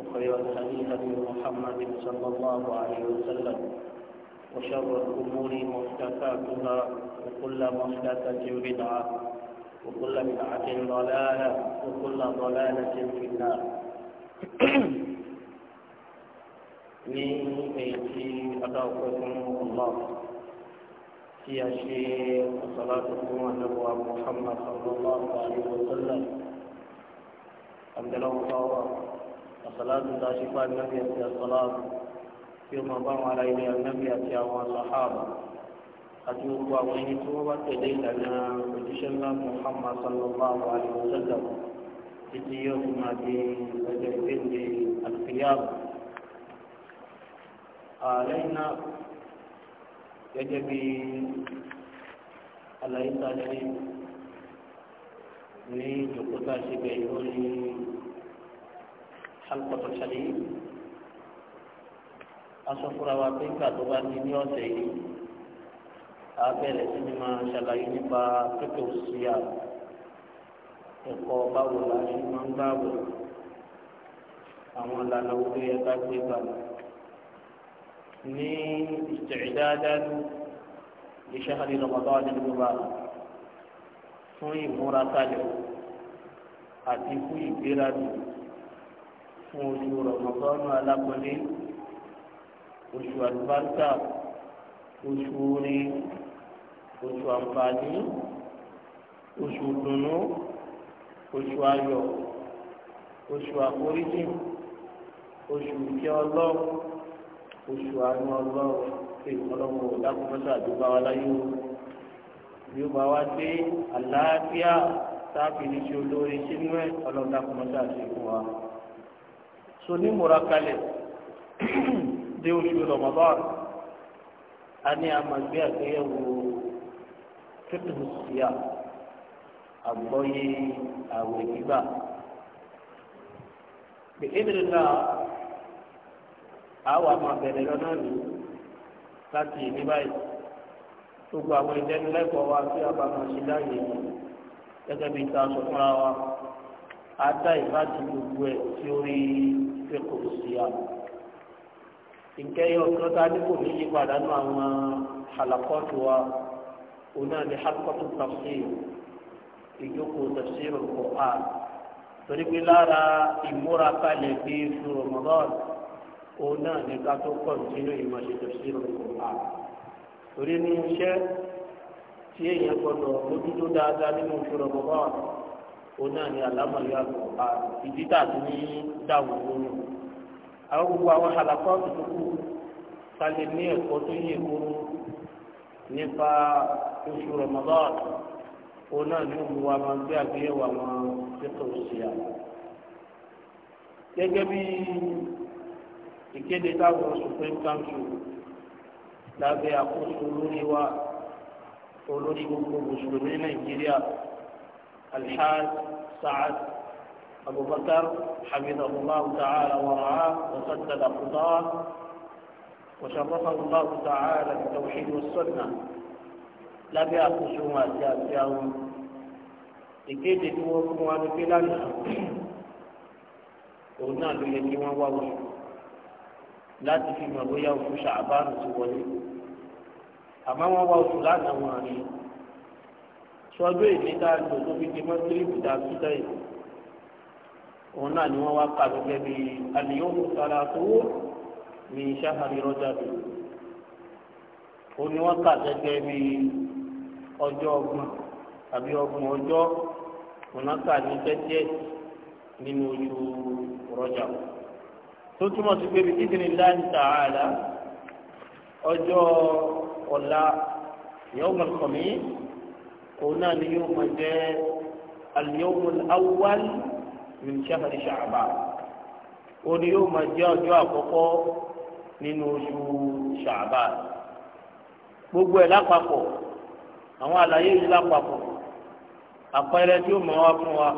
وخير الهدي هدي محمد صلى الله عليه وسلم وشر الأمور محدثاتها وكل محدثة بدعة وكل بدعة ضلالة وكل ضلالة في النار ní èyí tí adáwọ̀pẹ́ fún allah tí a ṣe ọ̀sọ̀láṣọ fún anábọ̀ muhammad sallallahu alayhi wa sallam abdullahi wa sallam الصلاة تاشفة النبي في الصلاة في مبام على النبي أتي الصحابة àti gbogbo àwọn ẹni tí wọ́n bá tẹ̀lé ìlànà òjíṣẹ́ ńlá Muhammad sallallahu alayhi wa sallam títí yóò fi máa di ọjọ́ ìgbéǹde àlùfíyàwó. ààrẹ gẹ́gẹ́ bí àlàyé tá ṣe ní ìjòkó tá ṣe bẹ̀rẹ̀ lórí halqatu al-hadid aṣọ fúnra wa pé nígbà tó bá di ní ọ̀sẹ̀ yìí a bẹ̀rẹ̀ sí ni máa ṣàlàyé nípa pẹ́pẹ́ òṣìyà ẹ̀kọ́ báwo la ṣe máa ń gbààwò àwọn ìlànà owó yẹ ká gbé gbà ní isti'dadan li shahri Ramadan al-mubarak fún ìmúra àti fún ìgbéradì fún oṣù rọmọdọ́nù alákọ̀ọ́lé oṣù àlùbáríkà oṣù orin oṣù àǹfààní oṣù dùnú oṣù ayọ̀ oṣù àforíjì oṣù ìfẹ́ ọlọ́run oṣù àánú ọlọ́run pé ọlọ́run ò dákúmọ́sá àdúgbò wa láyé o bí ó bá wá dé àlàáfíà táàbì ní ti olóore sínú ẹ̀ ọlọ́run dákúmọ́sá àti wa so ní múra kalẹ̀ dé oṣù Ramadan a ní amagbe àgbéyẹ̀wò fífi síyà àgbọ́yé àwẹ̀ gbígbà pé ìdílé náà àwọn àmọ́ abẹ̀rẹ̀ lọ́nà nìyí láti ìní gbogbo àwọn ìdánilẹ́kọ̀ọ́ wa tí a bá máa ṣe láàyè ta sọ wa ata ìbájú gbogbo ẹ̀ tí ó rí fẹ́kọ̀ sí a. ìkẹyọ kan tá a ní kò ní yí padà nù àwọn àlàkọ́tù wa òun náà ní halkọ́tù tafsir ìjókòó tafsir Qur'an torí pé lára ìmúra kalẹ̀ bí fún Ramadan òun náà ní ká tó kọ̀ nínú ìmọ̀ ṣe tafsir Qur'an torí ní iṣẹ́ tí èèyàn gbọdọ̀ mójútó dáadáa nínú fún Ramadan onáà ní alámọ̀lẹ́ àgbà ìdí tàbí ní dáhùn lónìí. àwọn gbogbo àwọn àlàkọ́ tuntun kù ni ní ẹ̀kọ́ tó yẹ kóró nípa oṣù Ramadan onáà ní òun wa máa gbé àgbéyẹ̀wò àwọn títọ̀ òṣìyà. gẹ́gẹ́ bí ìkéde táwọn Supreme Council lábẹ́ àkóso olórí wa olórí gbogbo mùsùlùmí Nàìjíríà. الحاج سعد أبو بكر حفظه الله تعالى ورعاه وسدد خطاه وشرفه الله تعالى بالتوحيد والسنة لا بيأخذ شوما سياسيهم ìkéde tí wọ́n fún wa ní pé lánàá òun náà ló yẹ kí wọ́n wá wọ̀ láti fi mọ̀ bóyá oṣù ṣàbánu ti wọlé àmọ́ wọ́n wá oṣù lánàá wọn rí i sọdún èmi tá a lò tó fi di mọ́tírìbù tá a tún sẹ́yìn òun náà ni wọ́n wá kà gẹ́gẹ́ bí àlìyóhùn sára tówó ní sáhàrì rọ́jà bì òun ni wọ́n kà gẹ́gẹ́ bí ọjọ́ ọgbọ̀n àbí ọgbọ̀n ọjọ́ òun náà kà ní tẹ́tẹ́ nínú ojú rọ́jà tó túmọ̀ sí pé bí kíkiri láti tààlà ọjọ́ ọ̀la yọ̀ọ́gbọ̀n kọ̀mí òun náà ni yóò máa jẹ́ al-yawmul awwal min shahri sha'ban òun ni yóò máa jẹ́ ọjọ́ àkọ́kọ́ nínú oṣù sha'ban gbogbo ẹ̀ lápapọ̀ àwọn àlàyé yìí lápapọ̀ àpẹẹrẹ tí ó máa wá fún wa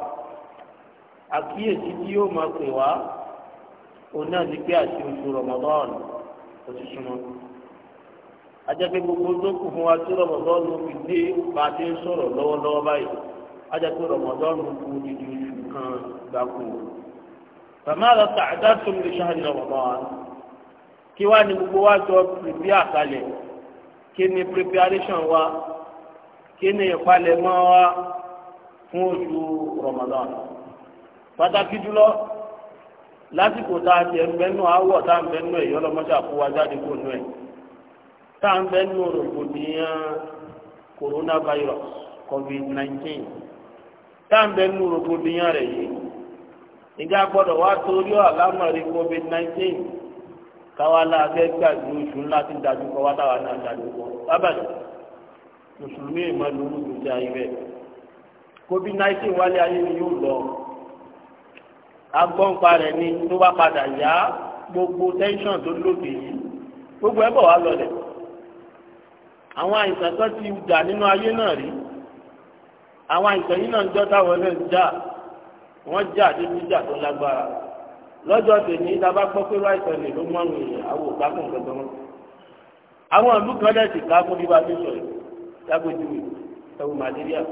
àkíyèsí tí yóò máa pè wá òun náà ni pé àti oṣù Ramadan oṣù súnmọ́ ajẹ́pẹ́ gbogbo tó kù fún wa tí rọmọdọ́nù fi dé bá ti ń sọ̀rọ̀ lọ́wọ́lọ́wọ́ báyìí ajẹ́pẹ́ rọmọdọ́nù kù dídí oṣù kan gbàkú. bàmá lọ tà àdá tó ń lè ṣáàlì rọmọdọ́ wa kí wá ní gbogbo wa jọ pèpè àkàlẹ̀ kí ni preparation wa kí ni ìpalẹ̀mọ́ wa fún oṣù rọmọdọ́n pàtàkì jùlọ lásìkò tá a ti ẹ̀ ń bẹ́nu àwọ̀ tá a ń bẹ́nu ẹ̀ yọ́lọ́mọ́ṣà kó wa jáde nù ẹ̀ táǹbẹ̀ nù rògbòdìyàn coronavirus covid-19 táǹbẹ̀ nù rògbòdìyàn rẹ̀ yìí ìjà gbọ́dọ̀ wá torí àlámọ̀rí covid-19 káwa láàbẹ̀ gbàgbé oṣù ńlá ti dájú kọ́ wá táwa náà dájú kọ́ lábàjẹ́ mùsùlùmí ìmọ̀lúwù tó jẹ́ ayé rẹ̀ covid-19 wálé ayé ni yóò lọ agbọ́npa rẹ̀ ni tó bá padà yá gbogbo tẹ́ńsán tó lòdì yìí gbogbo ẹ̀ bọ̀ wá lọlẹ̀ àwọn àìsàn kan ti jà nínú ayé náà rí àwọn àìsàn yìí náà ń jọ táwọn náà ń jà wọ́n jà débi jà tó lágbára lọ́jọ́ tèmi ìdábà gbọ́ pé láìsàn lè ló mú àwọn èèyàn àwọn òkà fún nǹkan tán àwọn ìlú kan dẹ̀ sì ká fún bíbá tó sọ̀rọ̀ lágbèjúwe ẹ̀wù màlẹ́ríà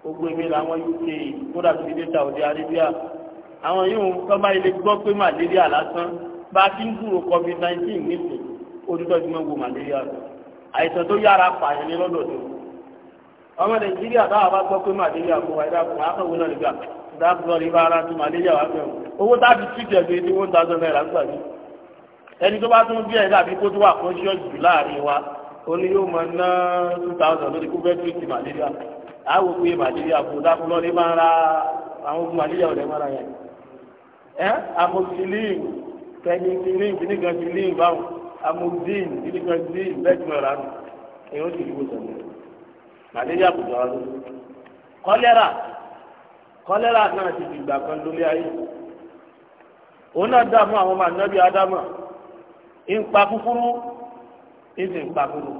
gbogbo èmi làwọn uk kódà tó fi dé Saudi Arabia àwọn yìí ń tọ́ bá ilé gbọ́ pé màlẹ́ríà lásán bá a ti ń dúró covid nineteen nísìnyí ojútọ́jú mọ́ gbogbo màlẹ́ríà rẹ̀ àìsàn tó yára pààyàn ní lọ́dọ̀ tó ọmọ nàìjíríà táwa bá gbọ́ pé màlẹ́ríà kó wa ẹ̀dá kó wa kọ̀wé náà nígbà dáàbò rí bá ara tó màlẹ́ríà wà fẹ́ owó táàbì tíìtì ẹ̀gbẹ́ tí wọ́n ń tazọ́ náírà ń gbàgbé ẹni tó bá tún bí ẹ̀ dàbí kó tó wà conscious jù láàrin wa ó ní yóò máa ná two thousand lórí kó fẹ́ẹ́ tíìtì màlẹ́ríà àwọn òkú yẹ màlẹ́ríà kó dáàbò lọ́ọ́ máa ra àwọn òkú màlẹ́ríà ọ̀rẹ́ máa ra yẹn ẹ́ amoxicillin penicillin kìnnìkan ti amudin ìdíkọ̀dín bẹ́ẹ̀kìmọ̀ra èèyàn ti dìbò sọ̀rọ̀ màlẹ́ríà kò jọra lójú kọ́lẹ́rà kọ́lẹ́rà náà ti dìgbà kan lórí ayé òun náà dààmú àwọn ọmọ ànábì ádámà ń pa kúkúrú ń sì ń pa kúrú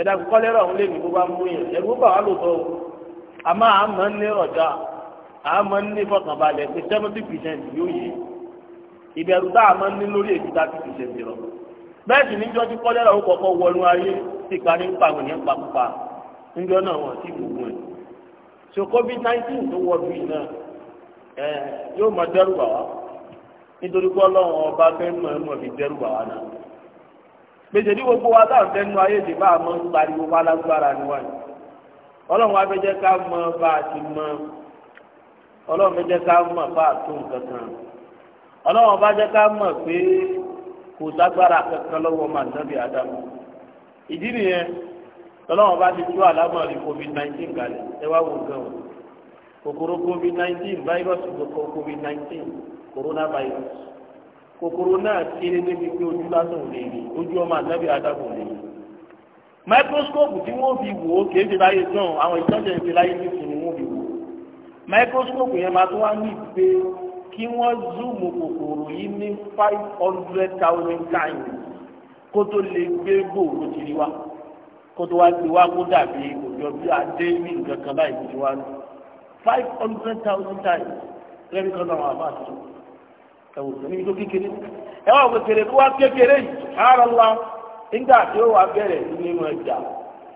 ẹ̀dá kọ́lẹ́rà òun lè ní gbogbo amúyẹ̀ ẹ̀rú bà wà lóòótọ́ o àmọ́ àmọ́ ní ọ̀dà àmọ́ ní fọkànbalẹ̀ pé seventy percent yóò yé ìbẹ̀rù tá àmọ́ ní lórí èyí thirty percent rọ̀. bẹ́ẹ̀ níjọ́ ó ayé ti parí ń pa so covid 19 tó náà yóò ọba fẹ́ mọ̀ ẹ́ mọ̀ fi dẹ́rù bà wá náà gbèsè ní gbogbo wa táwọn fẹ́ nu ayé ti bá a mọ̀ ń pariwo bá lágbára ni wáyé ọlọ́run abẹ́jẹ́ ká mọ̀ bá a ti ọlọ́run ká bá a tó nǹkan kan ọlọ́run kò ságbára kankan lọ́wọ́ máa nàbí adamu ìdí nìyẹn tọ́lọ́wọ́n bá ti tú àlámọ̀rí covid nineteen kalẹ̀ ẹ wá wò gan o kòkòrò covid nineteen fáírọ́ọ̀sì covid nineteen coronavirus kòkòrò náà kéré débi pé ojú lásán ò lè rí ojú ọmọ ànábì adamu ò lè rí microscope tí wọ́n fi wò ó kìí ṣe láyé tán àwọn ìtọ́jú ẹ̀ ń ṣe láyé nísìnyí wọ́n fi wò ó yẹn máa tún wá ní ìdí pé kí wọ́n zoomu kòkòrò yìí ní five hundred thousand times kó tó lè gbé gbòòrò tìrí wa kó tó wá ti wá kó dàbí òjò bí adé ní nǹkan kan báyìí ti wá ní five hundred thousand times lẹ́nu kan náà wà bá tó ẹ̀wò ní ìjọ kékeré ẹ wà kékeré kó wá kékeré yìí ara la nígbà tí ó wà bẹ̀rẹ̀ nínú ẹja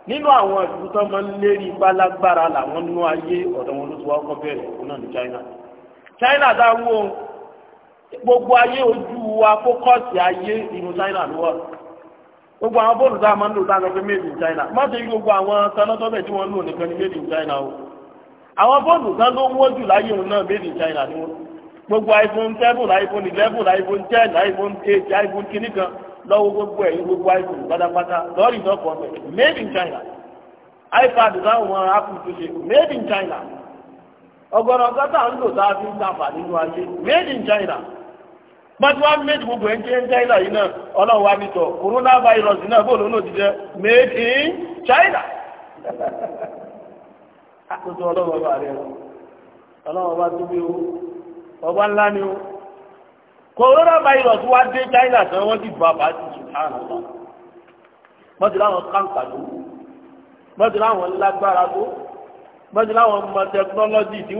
nínú àwọn ìlú tó máa ń lérí bálágbára làwọn nínú ayé ọ̀dọ̀ wọn ló ti wá kọ́ bẹ̀rẹ̀ òun náà ní China. China dá wó gbogbo ayé ojú wa fókọ́sì ayé ìlú China ló wà gbogbo àwọn bóòlù tá a máa ń lò tá a lọ pé made in China má ṣe gbogbo àwọn tanátọ́bẹ̀ tí wọ́n lò ni made in China o àwọn bóòlù kan ló ń wọ́jú láyé òun náà made in China ni wọ́n gbogbo iPhone seven iPhone eleven iPhone ten iPhone eight iPhone kìíní gbogbo ẹ̀yìn gbogbo iPhone pátápátá China iPad táwọn Apple tó ṣe made China ọgọ́rọ̀ ọgọ́ta ń lò sáà fi ń sáfà nínú ayé made in China bàtí wàá made gbogbo ẹ̀ ń jẹ́ China yìí náà ọlọ́run wa mi tọ̀ coronavirus náà bóòlù náà ti jẹ́ made in China. àkóso ọlọ́run ọba rẹ ọlọ́run ọba tó bí o ọba ńlá ni o coronavirus wá dé China tán wọ́n ti bàbá ti sùn àná bàtí láwọn kàǹkà tó bàtí láwọn lágbára tó. bọ́jú láwọn ọmọ tẹkinọ́lọ́jì tí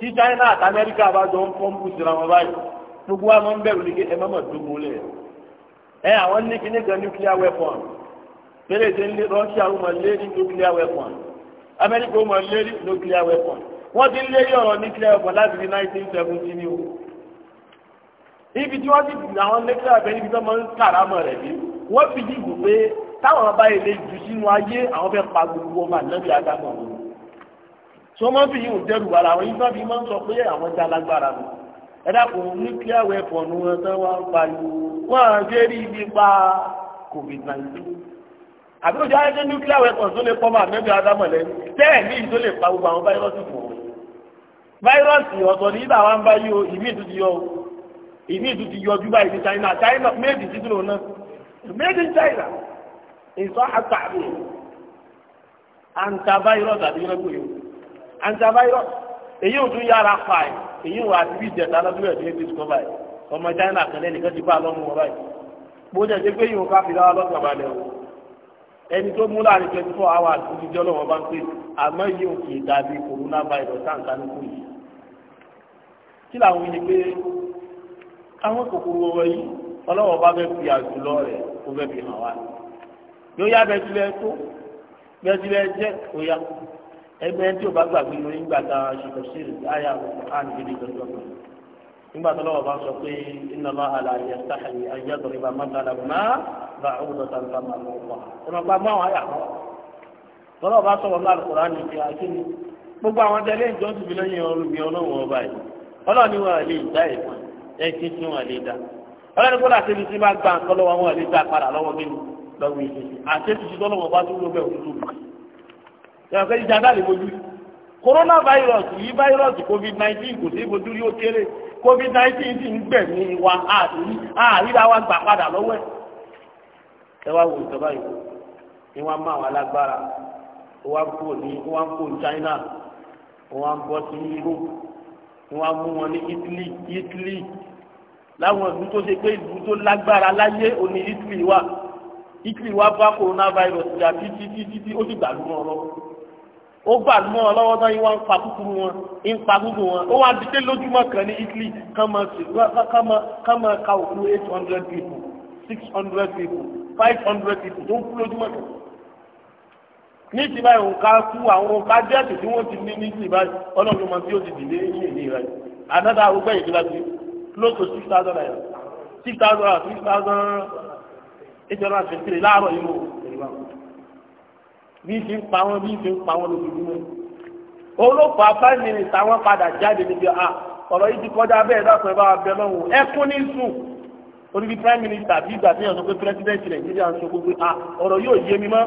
tí China àti Amẹ́ríkà bá jọ ń pọ́ǹpù síra wọn báyìí gbogbo wa máa ń bẹ̀rù ní kí ẹ má mọ̀ tó múlẹ̀ ẹ àwọn ní kíní kan nuclear weapon péré ṣe ń lé Russia ó mọ̀ lé ní nuclear weapon Amẹ́ríkà ó mọ̀ lé ní nuclear weapon wọ́n ti ń lé yọ̀rọ̀ nuclear weapon láti ní nineteen seventy ni o ibi tí wọ́n ti dùn àwọn nuclear weapon ibi tí wọ́n máa ń kàrámọ̀ rẹ̀ bí wọ́n fi dìbò pé táwọn báyìí lè jù sínú ayé àwọn fẹ́ pa gbogbo ọmọ ànábì adámọ̀ wọn sọmọbì yìí ò dẹrù ara àwọn yìí sábì máa ń sọ pé àwọn já lágbára mi ẹ dákun nuclear weapon wọn tán wá ń pariwo wọn à ń ṣe rí ibi pa covid nineteen àbí òjò ayé ṣe nuclear weapon tó lè pọ́ máa mẹ́bí adámọ̀ lẹ́nu tẹ́ẹ̀ ní ìtó lè pa gbogbo àwọn fáírọ́ọ̀sì fún wọn fáírọ́ọ̀sì ọ̀sọ̀ ní ìdá wa ń bá yí o ìmí ìtú ti yọ o ìmí ìtú ti yọ ojú báyìí ní China China méjì sí dúró náà méjì China ìsọ àtàrí antivirus àti yọrọ antivirus èyí ò tún yára pa ẹ̀ èyí ò àti bí ìjẹta lọ́dún ẹ̀ tó ń discover ẹ̀ ọmọ China kan lẹ́nìkan ti bá a lọ́mú wọn báyìí bó jẹ́ ṣe pé yìí ò ká fi lára lọ́sàn balẹ̀ o ẹni tó mú láàrin twenty four hours ti jọ́ lọ́wọ́ bá ń pè àmọ́ yìí ò kì í dàbí coronavirus táǹkà ní kú yìí kí làwọn yìí pé àwọn kòkòrò wọ̀ yìí ọlọ́wọ́ bá fẹ́ fi àjùlọ rẹ̀ kó fẹ́ fi hàn wá yóò yá bẹ́ẹ̀ ẹgbẹ́ tí o bá gbàgbé lórí nígbà tá a ṣe tẹ̀síìrì àyà àti ìdílé ìjọba nígbà tó lọ́wọ́ bá sọ pé iná ala àlà ayé sáhàyè ayé àtọ̀rẹ́ bá má bá àwùjọ tàǹtà má lọ wà. ọ̀nà pa mọ́ àwọn àyà kan lọ́wọ́ bá sọ̀rọ̀ gbogbo àwọn lẹ́yìn ọba yìí kí kó yàtọ̀ sẹ́yìn jáde àlè mojú corona virus yìí virus covid nineteen kò sí ibojú rí ó kéré covid nineteen sì ń gbẹ̀mí wa àríra wa gbà padà lọ́wọ́ ẹ̀ ẹ wá wo ìjọba yìí ni wọ́n máa wà lágbára wọ́n kò ní wọ́n kò China wọ́n bọ́ sí Europe wọ́n mú wọn ní Italy Italy láwọn ìlú tó ṣe pé ìlú tó lágbára láyé òní Italy wà Italy wà bá virus, jà títí títí ó sì gbàlú wọn lọ́wọ́ ó gbà mọ́ ọ lọ́wọ́ náà ìwà ń pa kúkúrú wọn ń pa gbogbo wọn ó wá dídé lójúmọ́ kan ní Italy kán máa ka òkú eight hundred people six hundred people five people tó ń kú lójúmọ́ kan ní ti báyìí òǹkà kú àwọn òǹkà díẹ̀ tó tí wọ́n ti ní ní ti báyìí ọlọ́run mọ̀ tí ó ti dìde ní ìlú rẹ̀ another arúgbó ìdílé gbé close to six thousand naira six thousand six thousand eight hundred and fifty láàárọ̀ yìí lóhùn bí ti ń pa wọn bí ti ń pa wọn lójoojúmọ́ olóòpọ̀ abáyẹnì táwọn padà jáde níbi à ah, ọ̀rọ̀ yìí ti kọjá bẹ́ẹ̀ dákun ẹ̀ bá bẹ lọ́wọ́ ẹkún ní sùn oníbi prime minister bí ìgbà tí yàn sọ pé president nàìjíríà ń sọ gbogbo à ah, ọ̀rọ̀ yóò yé mi mọ́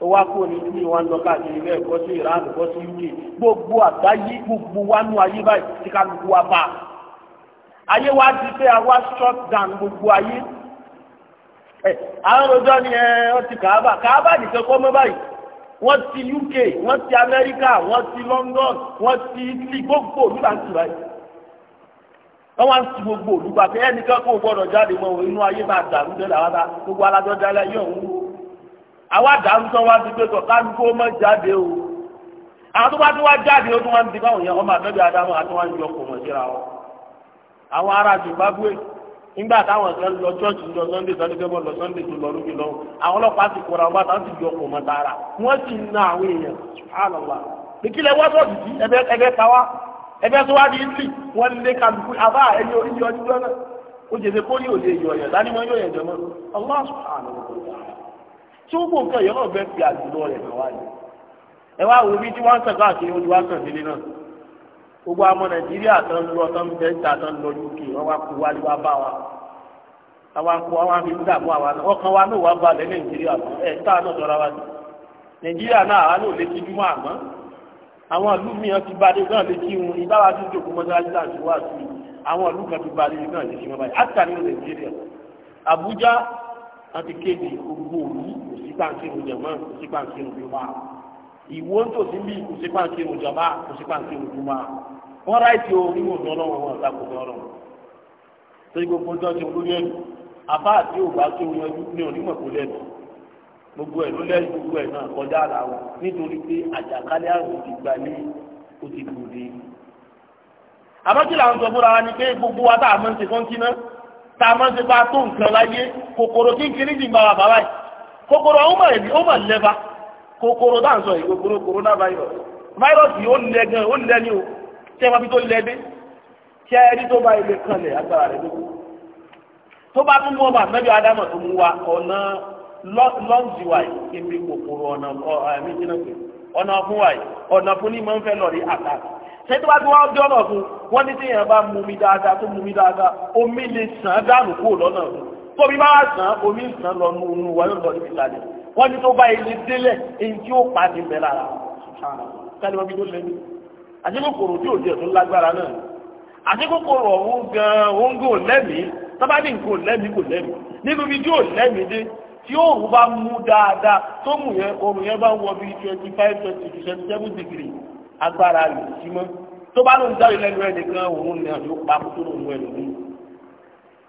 ó wá kó ní ní ìwà ń lọ káàkiri bẹ́ẹ̀ kọ́ sí iran kọ́ sí uk gbogbo àgbáyé gbogbo wa nú ayé báyìí tí kálukú wa bá ayé wa ti fẹ́ àwa short down gbogbo ayé àwọn ọjọ́ ni ẹ ọ ti kàábà kàábà nìkan kọ́ mọ́ báyìí wọ́n ti UK wọ́n ti Amẹ́ríkà wọ́n ti London wọ́n ti Italy gbogbo olúwa ń báyìí wọ́n wá ń gbogbo olúwa pé ẹnìkan kò gbọ́dọ̀ jáde mọ́ inú ayé máa dàrú gbogbo yóò wú o àwọn tó bá tó wá jáde ó tó wá ń di báwọn yẹn wọ́n máa nígbà táwọn kan lọ chọọchì lọ sunday sunday bọ lọ sunday tó lọ lóbi lọ àwọn ọlọ́pàá ti kọra ọba táwọn ti yọ ọkọ mọ tààrà wọn sì na àwọn èèyàn àlọlá ìkílẹ wọn sọọsì sí ẹbẹ ẹbẹ tàwa ẹbẹ tó wá di ìlì wọn lé kàlùkù àbá ẹyọ ìyọ ọdún lọnà ó jẹ kó ní òde ìyọ yẹn wọn yẹn nǹkan yẹn náà fi gbogbo àwọn nàìjíríà tó ń lọ tó ń bẹ níta tó ń lọ uk wọn wá kó wálé wá bá wa àwọn akó àwọn afi ń dààmú àwọn náà ọkàn wa náà wà balẹ̀ nàìjíríà tó ẹ̀ táà náà tọ́ra wa nàìjíríà náà àwọn náà lè tijú mọ́ àmọ́ àwọn ìlú mìíràn ti bá dé náà lè kí wọn ìbára tó dòkú mọ́sálásí láti wá sí i àwọn ìlú kan ti bá náà lè kí wọn báyìí àtà nínú nàìjíríà àbújá àti ìwó ń tòsí bí kò sí pàǹkì òjọba kò sí pàǹkì òjòmá wọn ráìtì o nínú òjò ọlọ́run wọn ọ̀tá kò lọ́rọ̀ torí gbogbo ń tọ́jú olórí ẹ̀dù àbá àti òbá tó yanjú ní onímọ̀ kò lẹ́nu gbogbo ẹ̀ ló lẹ́yìn gbogbo ẹ̀ náà kọjá àlà wọn nítorí pé àjàkálẹ̀ àrùn ti gbà ní ó ti dùn dé. àbájú làwọn sọ fúnra wa ni pé gbogbo wa tá a máa ń ṣe fọ́ńtì náà tá a máa ń ṣe bá a tó nǹkan láyé kòkòrò kínkínní jì ń bá wa bàbá yìí kòkòrò ọ̀hún mà lẹ́ba kòkòrò dáǹsọ ìgbòkòrò corona virus virus yìí ó lẹ gan ó lẹ ní o ṣé wàá fi tó lẹ dé ṣé ẹni tó bá ilé agbára tó bá tún mú wa ọ̀nà lọ́ọ̀jì wa yìí kòkòrò ọ̀nà jìnnà pé wa yìí ọ̀nà ni mọ̀ ń fẹ́ lọ rí àtà ṣé tó bá tún wọ́n jọ́ ọ̀nà ní tí bá mú mi dáadáa tó mú mi dáadáa omi lè sàn wọ́n ní tó bá ilé délẹ̀ èyí tí ó pa ní bẹ̀ lára kálí wọn bí tó lẹ́nu àtikókòrò tí ò di ẹ̀tún lágbára náà àtikókòrò ọ̀hún gan òun gò lẹ́mìí tọ́ba ní nǹkan ò lẹ́mìí kò lẹ́mìí nínú ibi tí ò lẹ́mìí dé tí òòrùn bá mú dáadáa tó mú yẹn òòrùn yẹn bá wọ bí twenty five twenty two twenty seven degree agbára rẹ̀ sí mọ́ tó bá lóun dáre lẹ́nu ẹ̀ nìkan òun ni àti ó pa kó lóun ẹ̀ lóun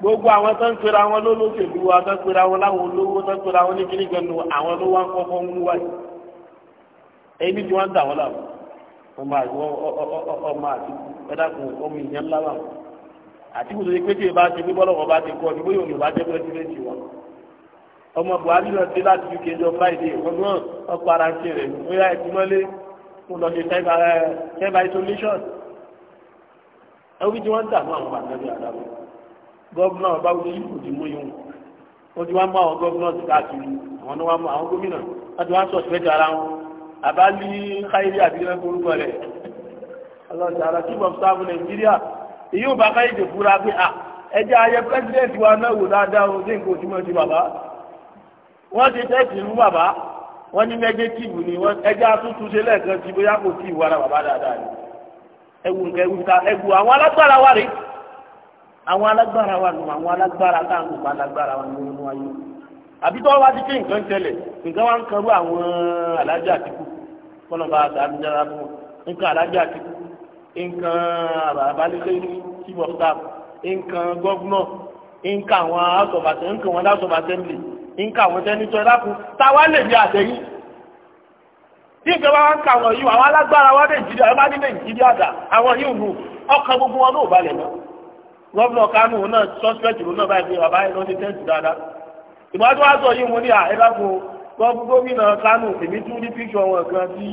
gbogbo àwọn tó ń pera wọn lólóṣèlú wa tó ń pera wọn láwọn olówó tó ń pera wọn ní kíní gan nu àwọn ló wá ń kọ́kọ́ ń wá yìí ẹni tí wọ́n ń dà wọ́n làwọn ọmọ àti ọmọ àti ẹ̀dàkùn ọmọ ìyẹn ńlá wà wọn àti kò tó ṣe pé tí ìbá ti gbígbọ́ lọ́wọ́ bá ti kọ́ ọdún bóyá olùbá jẹ́ pẹ́sidẹ́ntì wọn ọmọ Buhari lọ sí láti uk jọ Friday ọgbọ́n ọkọ̀ ara ṣe rẹ̀ bóyá ìtumọ̀lé mo lọ sí self isolation ẹ̀wọ́n tí wọ́n ń dààmú àwọn bàtẹ́lẹ̀ àdàbọ̀ gọ́vnà Babáwújí kò ti mú yín o ti wá mú àwọn gọ́vnà ti káàkiri àwọn ni wọ́n mú àwọn gómìnà wọ́n ti wá sọ̀ sípẹ́tì ara wọn àbá ní káyédé àbílẹ̀ forúkọ rẹ̀ ọlọ́ọ̀tì ara chief of staff Nàìjíríà èyí ò bá káyédé fúra pé à ẹjẹ́ ayẹ president wa náà wò dáadáa o ní nǹkan ojúmọ́ ti bàbá wọ́n ti tẹ́sí ìlú bàbá wọ́n ní negative ni wọ́n ẹjẹ́ atúntúnṣe lẹ́ẹ̀kan ti bóyá kò tí ì wára bàbá dáadáa ni ẹwù nǹkan ẹwù ta ẹwù àwọn alágbára wa rèé àwọn alágbára wa nù àwọn alágbára tá à ń gbà alágbára wa nù nínú ayé àbí tó wá ti pé nǹkan tẹ́lẹ̀ nǹkan wá ń karú àwọn alájà àtìkù kọ́nà bá ta ní dára fún wọn nǹkan alájà àtìkù nǹkan àbálẹ́lẹ́ chief of staff nǹkan gọ́vnọ̀ nǹkan àwọn house of assembly nǹkan àwọn house of assembly nǹkan àwọn sẹ́nitọ́ ẹ̀dákun táwa lè di àtẹ̀yìn tí nǹkan bá wá ń ka àwọn yìí àwọn alágbára wa nàìjíríà ẹ bá ní gọ́vùnà kánò náà sọ́spẹ̀tì ló náà báyìí pé bàbá yìí ló ti tẹ́sì dáadáa ìbájú wa sọ yìí mo ní àìdáko gómìnà kánò èmi tún ní píṣọ wọn kan tí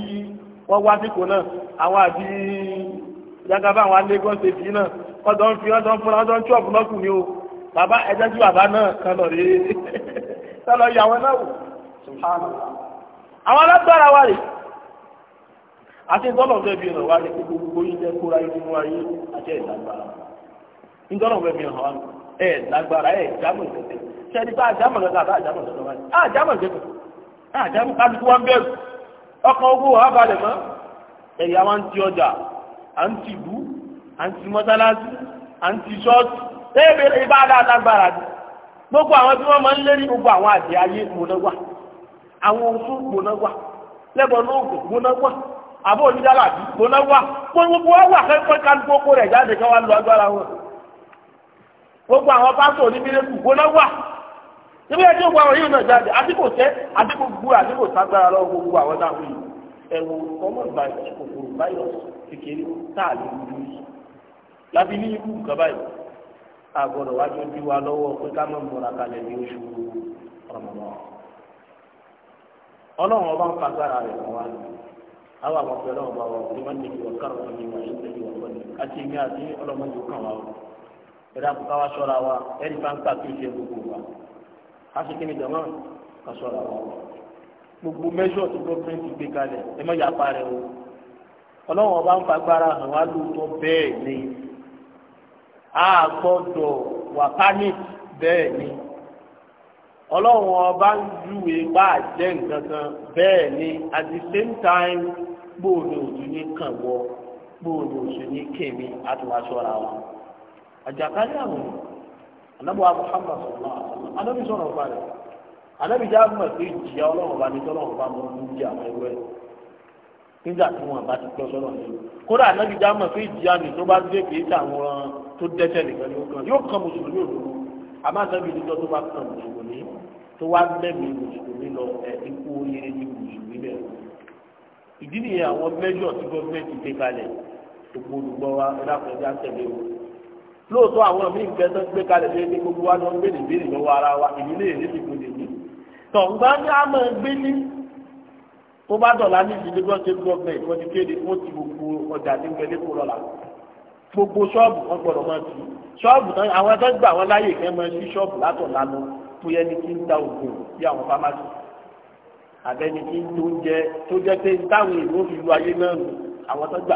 wọ́n wá síkò náà àwọn àti jagaba àwọn alẹ́gàn ṣèṣì náà ọ̀dọ́ ń fi ọ̀dọ́ ń fúnra ọ̀dọ́ ń tíọ̀bù lọ́kùn ni o bàbá ẹ̀jẹ̀ tí bàbá náà kan lọ rèé sọlọ yà wọn náà wò àwọn alágbára wa rèé àti ìtọ́lọ̀ fẹ́ fi ràn wá ní gbogbo yìí jẹ́ kóra inú ayé àti ìtagbára. nítorí ọ̀bẹ mi hàn ẹ lágbára ẹ jámọ̀ ìtẹ̀tẹ̀ sẹ́ni bá àjámọ̀ lọ́dọ̀ àbá àjámọ̀ lọ́dọ̀ wáyé àjámọ̀ ah, ìtẹ̀tẹ̀ àjámọ̀ ah, kálukú wa ń ọkàn owó mọ́ ẹ̀yà ti ọjà à ń ti bú à ń ti mọ́sálásí à ń ti ṣọ́ọ̀tì lágbára gbogbo àwọn tí wọ́n máa ń gbogbo àwọn ayé gbogbo àwọn pásítọ̀ ní mílíọ̀nù gbóná wà níbi ẹjọ́ gbogbo àwọn yìí náà jáde àdínkù tẹ́ àdínkù gbú àdínkù tágbára lọ́wọ́ gbogbo àwọn táwọn yìí ẹ̀wọ̀n ọmọ ìgbà kòkòrò báyọ̀sì kékeré tá a lè wúlò yìí lábí ní ikú nǹkan báyìí àgọ́dọ̀ wájú bí wa lọ́wọ́ pé ká má múra kalẹ̀ ní oṣù ọ̀mọ̀mọ́ ọlọ́run ọba ń fagbára rẹ̀ fún wa ni àwọn àwọn ọ̀pẹ náà bá wà ó ti má ní ìwọ̀n kárọ̀ ní ìwọ̀n ìṣẹ́jú ọ̀pọ̀ ní àti èmi àti ọlọ́mọdé kan wà ó ẹ̀rọ àkókò wa ṣọ́ra wa ẹ̀rí pàǹpà kì í ṣe gbogbo wa a ṣe kí ni jọ̀mọ́ ká ṣọ́ra wa gbogbo mẹ́ṣọ̀ tí gọ́ọ̀mẹ́ntì gbé kalẹ̀ ẹ má yapa rẹ o ọlọ́wọ́n ọba ń fagbára hàn wá lóòótọ́ bẹ́ẹ̀ ni a gbọ́dọ̀ wà panic bẹ́ẹ̀ ni ọlọ́wọ́n ọba ń júwe bá jẹ́ nǹkan bẹ́ẹ̀ ni at the same time gbòòdò òjò ní kàn wọ gbòòdò òjò ní kèmí àtúwàṣọ́ra wọn àjàkálẹ̀ àrùn anábọ̀ Muhammad sallallahu alaihi wasallam anábì sọ̀rọ̀ ọba rẹ̀ anábì já mọ̀ pé ìjìyà ọlọ́run bá ní tọ́lọ́run bá mọ̀ ní ìjìyà àwọn ẹgbẹ́ nígbà tí wọn bá ti pẹ́ sọ́nà yìí kódà anábì já mọ̀ pé ìjìyà mi tó bá dé kì í sàwọn tó dẹ́ṣẹ̀ nìkan ni ó kàn yóò kàn mùsùlùmí òdodo àmọ́ anábì níjọ́ tó bá kàn mùsùlùmí tó wá mẹ́mí mùsùlùmí lọ ẹ̀ ikú oyèrè ní mùsùlùmí bẹ̀ ìdí nìyẹn àwọn mẹ́jọ tí gọ́ọ̀mẹ́ntì lóòótọ́ àwọn míì nǹkan tó ń gbé kalẹ̀ lé ní gbogbo wa ló ń gbé ní ìbéèrè lọ́wọ́ ara wa èmi lè ní ìbò lè ní. tọ̀gbá ní a máa gbé ní tó bá dọ̀la ní ìdílé gbọ́dọ̀ tó gbọ́dọ̀ ìwọ́n ti kéde wọ́n ti gbogbo ọjà ní gbẹlẹ́ kó lọ́la gbogbo ṣọ́ọ̀bù wọn gbọ́dọ̀ máa ti ṣọ́ọ̀bù náà àwọn ẹgbẹ́ gbà wọn láyè kẹ́ máa ṣí ṣọ́ọ̀bù látọ̀ lánà tó yẹ ní kí ń ta oògùn bí àwọn fámásì àbẹ́ni kí ń tó jẹ tó jẹ pé táwọn èèyàn fi lu ayé náà nù àwọn tó gbà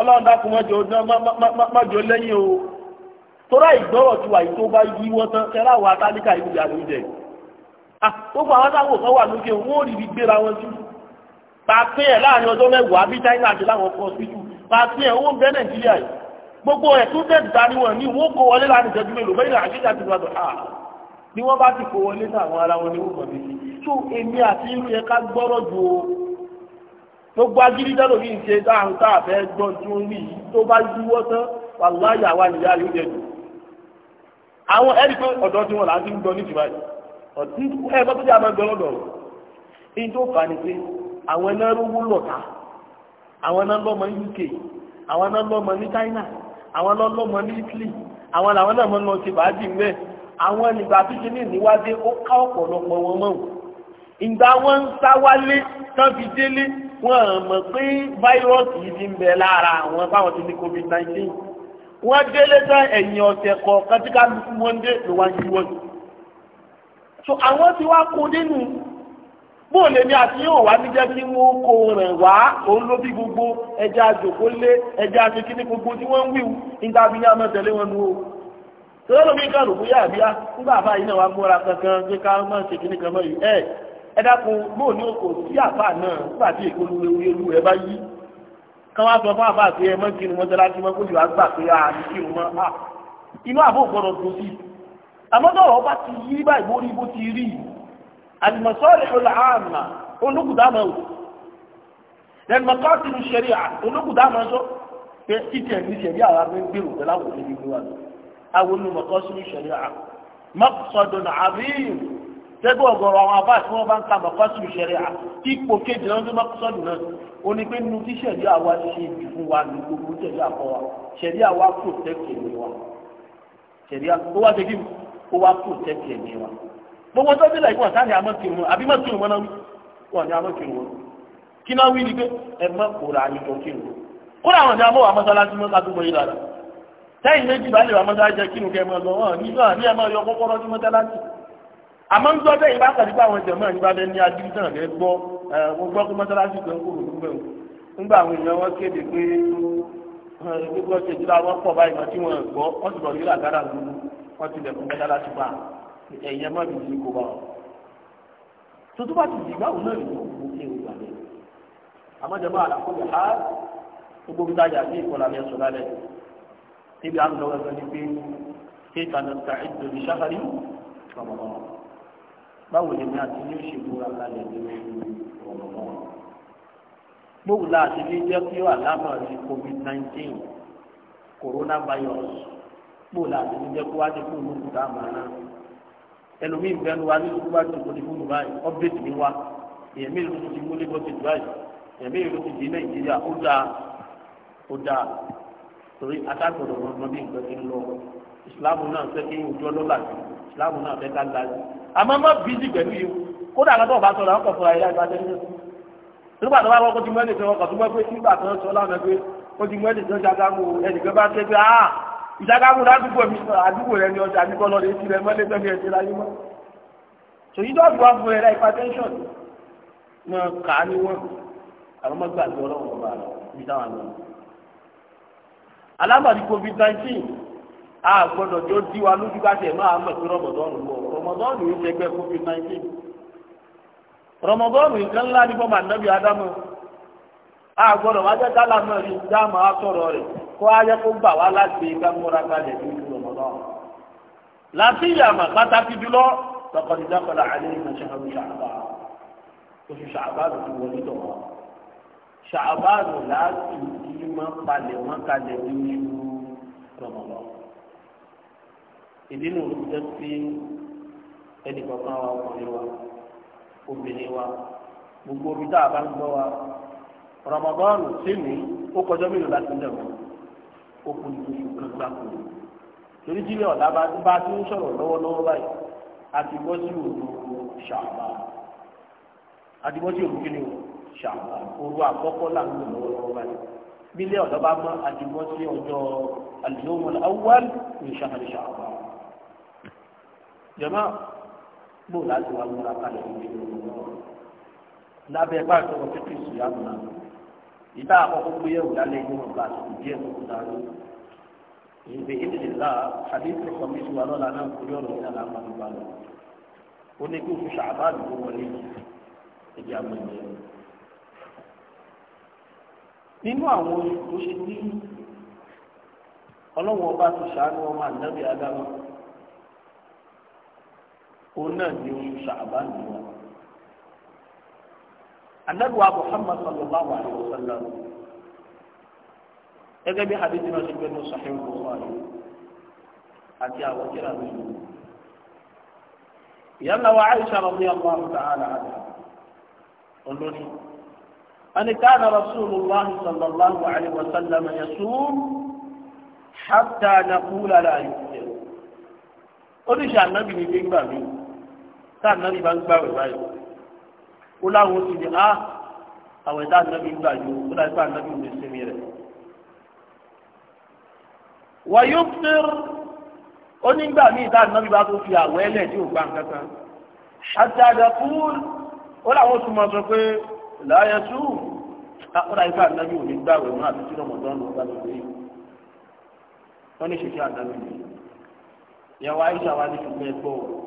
ọlọ́run dákun mọ́jọ mọ́jọ lẹ́yìn o tọ́lá ìgbọ́rọ̀ ti wà yìí tó bá yí wọ́n tán kẹ́lá wà tálíkà ìlú ìyàlú jẹ ah, gbogbo àwọn táwọn kan wà lókè wọn ò rí ibi gbéra wọn sí pàápín ẹ̀ láàrin ọjọ́ mẹ́wàá bí China àti láwọn kan síjú pàápín ẹ̀ owó ń bẹ Nàìjíríà yìí gbogbo ẹ̀ tó tẹ̀ dání wọn ní wọ́n kó wọlé láàrin ìjọba mélòó mẹ́rin àṣíjà ti wà tó hà ni wọ́n bá ti kó wọlé sáwọn ara wọn ní wọ́n mọ̀ sí so èmi àti irú yẹn ká gbọ́rọ̀ ju o gbogbo agídítà lórí ń ṣe tá a fẹ́ gbọ́n tí wọ́n wí yìí tó bá yíwọ́ tán wàláyé àwa nìyá yóò jẹ jù. àwọn ẹ̀rí pé ọ̀dọ́ tí wọ́n là ń ti ń gbọ́ ní bá tó jẹ́ àmọ́ gbọ́n lọ́dọ̀ China àwọn Italy àwọn làwọn náà mọ́ mẹ́ àwọn ní wọ́n mọ̀ pé fáírọ́ọ̀sì yìí ti ń bẹ lára àwọn báwọn ti ní covid 19 wọ́n dé lẹ́tọ́ ẹ̀yìn ọ̀sẹ̀ kọ̀ọ̀kan tí kálukú wọ́n dé ló wá ń yíwọ́ jù. so àwọn tí wàá kó nínú bóò lèmi àti yóò wá níjẹ́ kí wọ́n kó rẹ̀ wá òun ló bí gbogbo ẹja àjòkó lé ẹja àti kíní gbogbo tí wọ́n ń wíwú níta bí ní àmọ́ tẹ̀lé wọn nu o. tọ́lọ́mí kan rò bóyá àbíyá nígbà àbáyé náà wàá múra kankan pé ká má ṣe kíní ẹ dákun bóò ní òkò sí àfà náà nígbà tí èkó lu ewu ewu ẹ bá yí kán wá sọ fún àfà pé ẹ mọ́ kírun mọ́sálásí mọ́ kójú àgbà pé a ní kírun mọ́ a inú àbò gbọdọ̀ tó sí àmọ́ náà ọba ti yí báyìí bórí bó ti rí àlùmọ̀sọ́ọ̀lẹ̀ ọ̀là àmà olókùdámọ̀ lẹ́nìmọ̀kọ́tì ní ṣẹ̀ríà olókùdámọ̀ sọ pé títẹ̀ ní ṣẹ̀ríà wa fi ń gbèrò pẹ̀lú àwọn òṣèlú wa àwọn olùmọ̀kọ́tì ní ṣẹ̀ríà maqsadun azim tẹ́gbẹ́ ọ̀gọ̀rọ̀ àwọn àbá tí wọ́n bá ń ka mọ̀ fásitì ìṣẹ̀rẹ̀ à ipò kejì náà náà ó ní pé nínú tí sẹ̀rí àwa ṣe jù fún wa ní gbogbo sẹ̀rí àkọ́ wa sẹ̀rí àwa protect ẹ̀mí wa sẹ̀rí ó wá segin ó wá protect ẹ̀mí wa gbogbo tó bí lẹ́yìn wọn sáà ní àmọ́ kiri wọn àbí mọ́ kiri wọn náà wọn ní àmọ́ kiri wọn kí náà wí ni pé ẹ má kóra àyùjọ kiri wọn kóra àwọn ní àmọ́ wà mọ́sálásí mọ́ ká tó gbọ́ yìí lára sẹ́yìn méjì bá lè wà mọ́sálásí kírun kẹ́ mọ́ lọ́wọ́ nígbà ní àmọ́ ń gbọ́ bẹ́ẹ̀ yìí bá kàdí pé àwọn jẹ̀mọ́ àyíká bẹ́ẹ̀ ní adírísàn rẹ̀ gbọ́ wọ́n gbọ́ pé mọ́sálásí kan kúrò níbẹ̀ o nígbà àwọn èèyàn wọn kéde pé gbogbo ọ̀sẹ̀ ìjọba wọn pọ̀ báyìí wọn tí wọn gbọ́ wọ́n ti lọ rí làgádà lóru wọ́n ti lẹ̀kùn mọ́sálásí pa ẹ̀yẹ má bìí kó bá wọn. tuntun bá ti dìgbà òun náà yóò wù kí ewu àmọ́ jẹ̀mọ́ báwo lè ní àti yóò ṣe múra kalẹ̀ ní ọ̀rọ̀ náà gbóòwò láti ní jẹ́ kí àlámà ní covid nineteen coronavirus gbóòwò láti ní jẹ́ kó wá ní fún olùkú tá a máa rán ẹlòmíì ń bẹnu wa ní ìlú bá ti kó ní fún dubai update ní wa èèyàn mi ló ti di múlẹ̀ bọ́ ti dubai èèyàn mi ló ti di nàìjíríà ó dáa ó dáa torí adágbọ̀dọ̀ ọmọ bí nǹkan ti ń lọ ìsìláàmù náà fẹ́ kí ojú ọlọ́lá ìsìláàmù náà fẹ́ ká ga àmọ́ má bízì pẹ̀lú yìí kódà àwọn tó bá sọ̀rọ̀ àwọn kọ̀ọ̀fọ̀ ayé àgbà tẹ́lẹ̀ nígbà tó bá wọ́n kó ti mú ẹnì kan kọ̀ tó mọ́ pé nígbà tó ń sọ lánàá pé ó ti mú ẹnì kan ṣàgámù ẹnìkan bá ṣe pé ah ìṣàgámù ládùúgbò mi àdúgbò rẹ ni ọjà nígbà lọ́dẹ ti rẹ mọ́lẹ́ fẹ́ fi ẹ̀ṣẹ̀ láyé mọ́ sòyí tó àgbà fún ẹ̀rá hypertension náà kà á ní wọ́n àwọn mọ́gbà tó ọlọ́run ọba rẹ̀ níta wà lọ́wọ́ alámọ̀dí covid nineteen a gbọ́dọ̀ tó dí wa lójú káṣẹ̀ máa mọ̀ sí rọmọdọ́nù wọ̀ rọmọdọ́nù yìí ṣe pẹ́ covid nineteen rọmọdọ́nù yìí kan ńlá ní fọ́mà nàbí adamu a gbọ́dọ̀ wá jẹ́ kálá náà rí dáàmú asọ̀rọ̀ rẹ̀ kó ayé kó gbà wá láti ká múra kalẹ̀ ní rọmọdọ́nù láti yàmà pàtàkì jùlọ tọkọtìdákọlà àlẹ́ ìmọ̀ṣẹ́ ṣàbá oṣù ṣàbá ló ti wọlé tọ̀ ìdí nù ló jẹ́ pé ẹnì kọ̀ọ̀kan wa ọkùnrin wa obìnrin wa gbogbo omi tá a bá ń gbọ́ wa rọmọgọ́rùn sí mi ó kọjọ́ mélòó láti ń dẹ̀wọ̀n ó kú ní oṣù kan gbáko torí jílẹ̀ ọ̀la bá bá a ti ń sọ̀rọ̀ lọ́wọ́lọ́wọ́ báyìí a bọ́ sí òru ṣàbà a bọ́ sí òru kíni o ṣàbà òru àkọ́kọ́ là ń lò lọ́wọ́lọ́wọ́ báyìí bílẹ̀ ọ̀dọ́ bá mọ́ a bọ́ sí ọjọ́ al-yawm al-awwal ní ṣàbà jọba gbò láti wá múra kalẹ̀ níbi ìrọ̀rùn lábẹ́ bá ìṣòro pípé ìṣòyàmù náà ìta àkọ́kọ́ pé yẹ̀wò lálẹ́ inú ọ̀gá àti díẹ̀ tó kú dáná ìgbé ìdílélá àdéhùn kọ́míṣù wa lọ́la náà kò yọ̀rọ̀ ìyàlá àmàlùbá lọ ó ní kí oṣù ṣàbá ló wọlé ìdí àmọ́ nínú àwọn oṣù tó ṣe ní ọlọ́wọ́n ọba ti ṣàánú ọmọ àdábì òun náà ni oṣù ṣàbán ni wọn. anabiwa muhammad sallallahu alayhi wa sallam gẹ́gẹ́ bí hadith náà ṣe gbé ní sahih bukhari àti àwọn kíra mi. ìyáàlá wa aisha radiyallahu ta'ala anha olórí. أن كان رسول الله صلى الله عليه وسلم يصوم حتى نقول لا يفطر. oríṣi ànábì ní gbígbà mi tá ànábì bá ń gbà wẹ̀ báyìí ó láwọn ti di á ah, àwẹ̀ tá ànábì ń gbà yìí ó láti pa ànábì ń lè sinmi rẹ̀. wàyó fẹ́r onígbà míì tá ànábì bá tó fi àwẹ̀ ẹlẹ̀ tí ò gbà kankan àtàdà fún ó láwọn tó máa sọ pé láyé tú àkọ́dà ìfẹ́ ànábì ò ní gbà wẹ̀ wọn àti tí lọ́mọdún ló gbà tó dé wọ́n ní ṣèṣe ànábì yẹn wá ìṣàwádìí fún ẹgbẹ́ òun.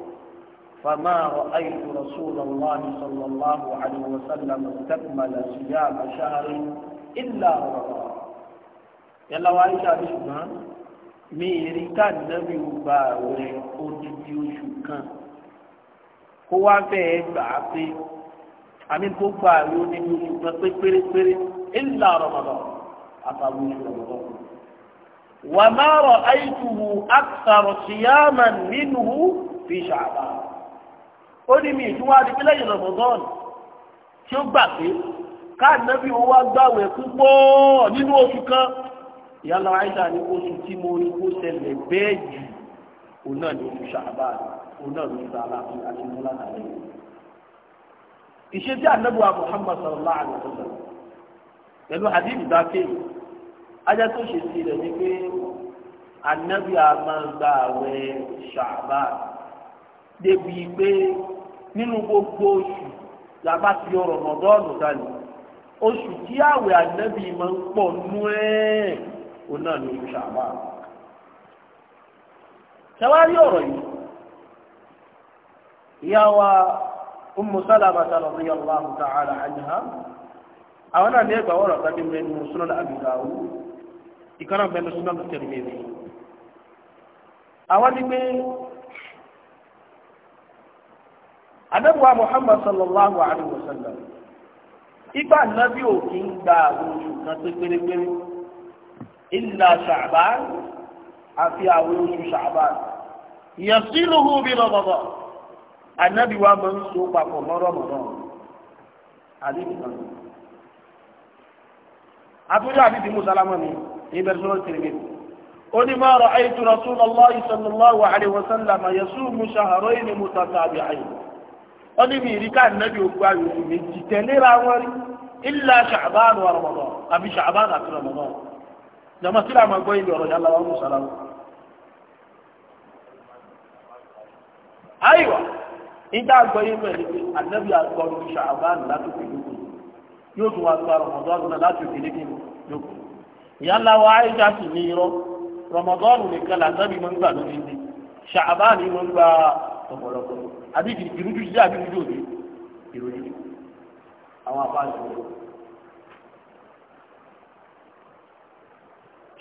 فما رأيت رسول الله صلى الله عليه وسلم استكمل صيام شهر إلا رمضان يلا وعيشة بشبه mìírí ká nàbí ọgbà rẹ odidi oṣù kan kó wá bẹ́ẹ̀ gbà á pé àmì kó gbà rẹ odidi oṣù kan pé pérépéré illa Ramadan àtàwọn oṣù Ramadan. wa ma ra'aytuhu akthara siyaman minhu fi Sha'ban ó ní mi ìtúwọ́ adigunlẹ̀ yìí lọ́mọdọ́ọ̀nù tí ó gbà pé káàdínàbí wọn wá gbàwẹ̀ púpọ̀ nínú oṣù kan ìyálà àìsàn ní oṣù tí mo ní kó ṣẹlẹ̀ bẹ́ẹ̀ jù òun náà ní oṣù ṣàbá òun náà ní oṣù aláàfin àti mọ́lá nàlẹ́ ìṣe tí ànábì wa Muhammad sallallahu alaihi wa sallam pẹ̀lú hadith dáké ajá tó ṣe sí rẹ̀ ni pé ànábì a máa ń gbàwẹ̀ ṣàbá débi pé nínú gbogbo oṣù làbá ti yọ rọmọdọ́ọ̀nù dání oṣù tí àwẹ̀ ànábì máa ń pọ̀ nú ẹ̀ òun náà ní oṣù ṣàbá. sẹ́wárí ọ̀rọ̀ yìí ìyá wa Ummu Salama radiyallahu ta'ala anha àwọn náà ní ẹgbà ọ̀rọ̀ tàbí mẹ́nu Sunan Abi Dawud ìkànnà mẹ́nu Sunan Tirmidhi àwọn ní pé adébùwà muhammad sallallahu alayhi wa sallam ìgbà nàbí òkè ń gba àwọn oṣù kan tó pérépéré illa ṣàbán àfi àwọn oṣù ṣàbán yasiluhu bi Ramadan anabi wa máa ń so papọ̀ mọ́ Ramadan àdìbò kan àtúndì àdìbò musalama mi ní bẹ̀rẹ̀ tìrìmì onímọ̀ ra'aytu rasulallahi sallallahu alayhi wa sallam yasumu shahrayni mutatabi'ayn wọ́n ní mi ìríkà nàbí ogun ayòkù méjì tẹ̀léra wọn rí ilà ṣàbánu ọ̀rọ̀mọ̀dọ̀ àbí ṣàbánu àti ọ̀rọ̀mọ̀dọ̀ jọmọ sílẹ̀ àmọ́ gbọ́ ibi ọ̀rọ̀ yà lọ́wọ́ mú sàlá wọn. ayiwa níta àgbọ̀ yìí mẹ́rin pé ànábì àgbọ̀ ní ṣàbánu láti òkè lókun yóò tún wá gba ọ̀rọ̀mọ̀dọ̀ àdúrà láti òkè lókun ìyá ńlá wa sì ní irọ́ rọmọdọ́ọ̀nù nìkan làtàbí mọ́ ń gbà lórí ṣàbánu mọ́ ń gbà ọ̀pọ̀lọpọ̀ àbí ìrújú sí àbí ìrújú òbí ìrújú àwọn afá ìṣòro.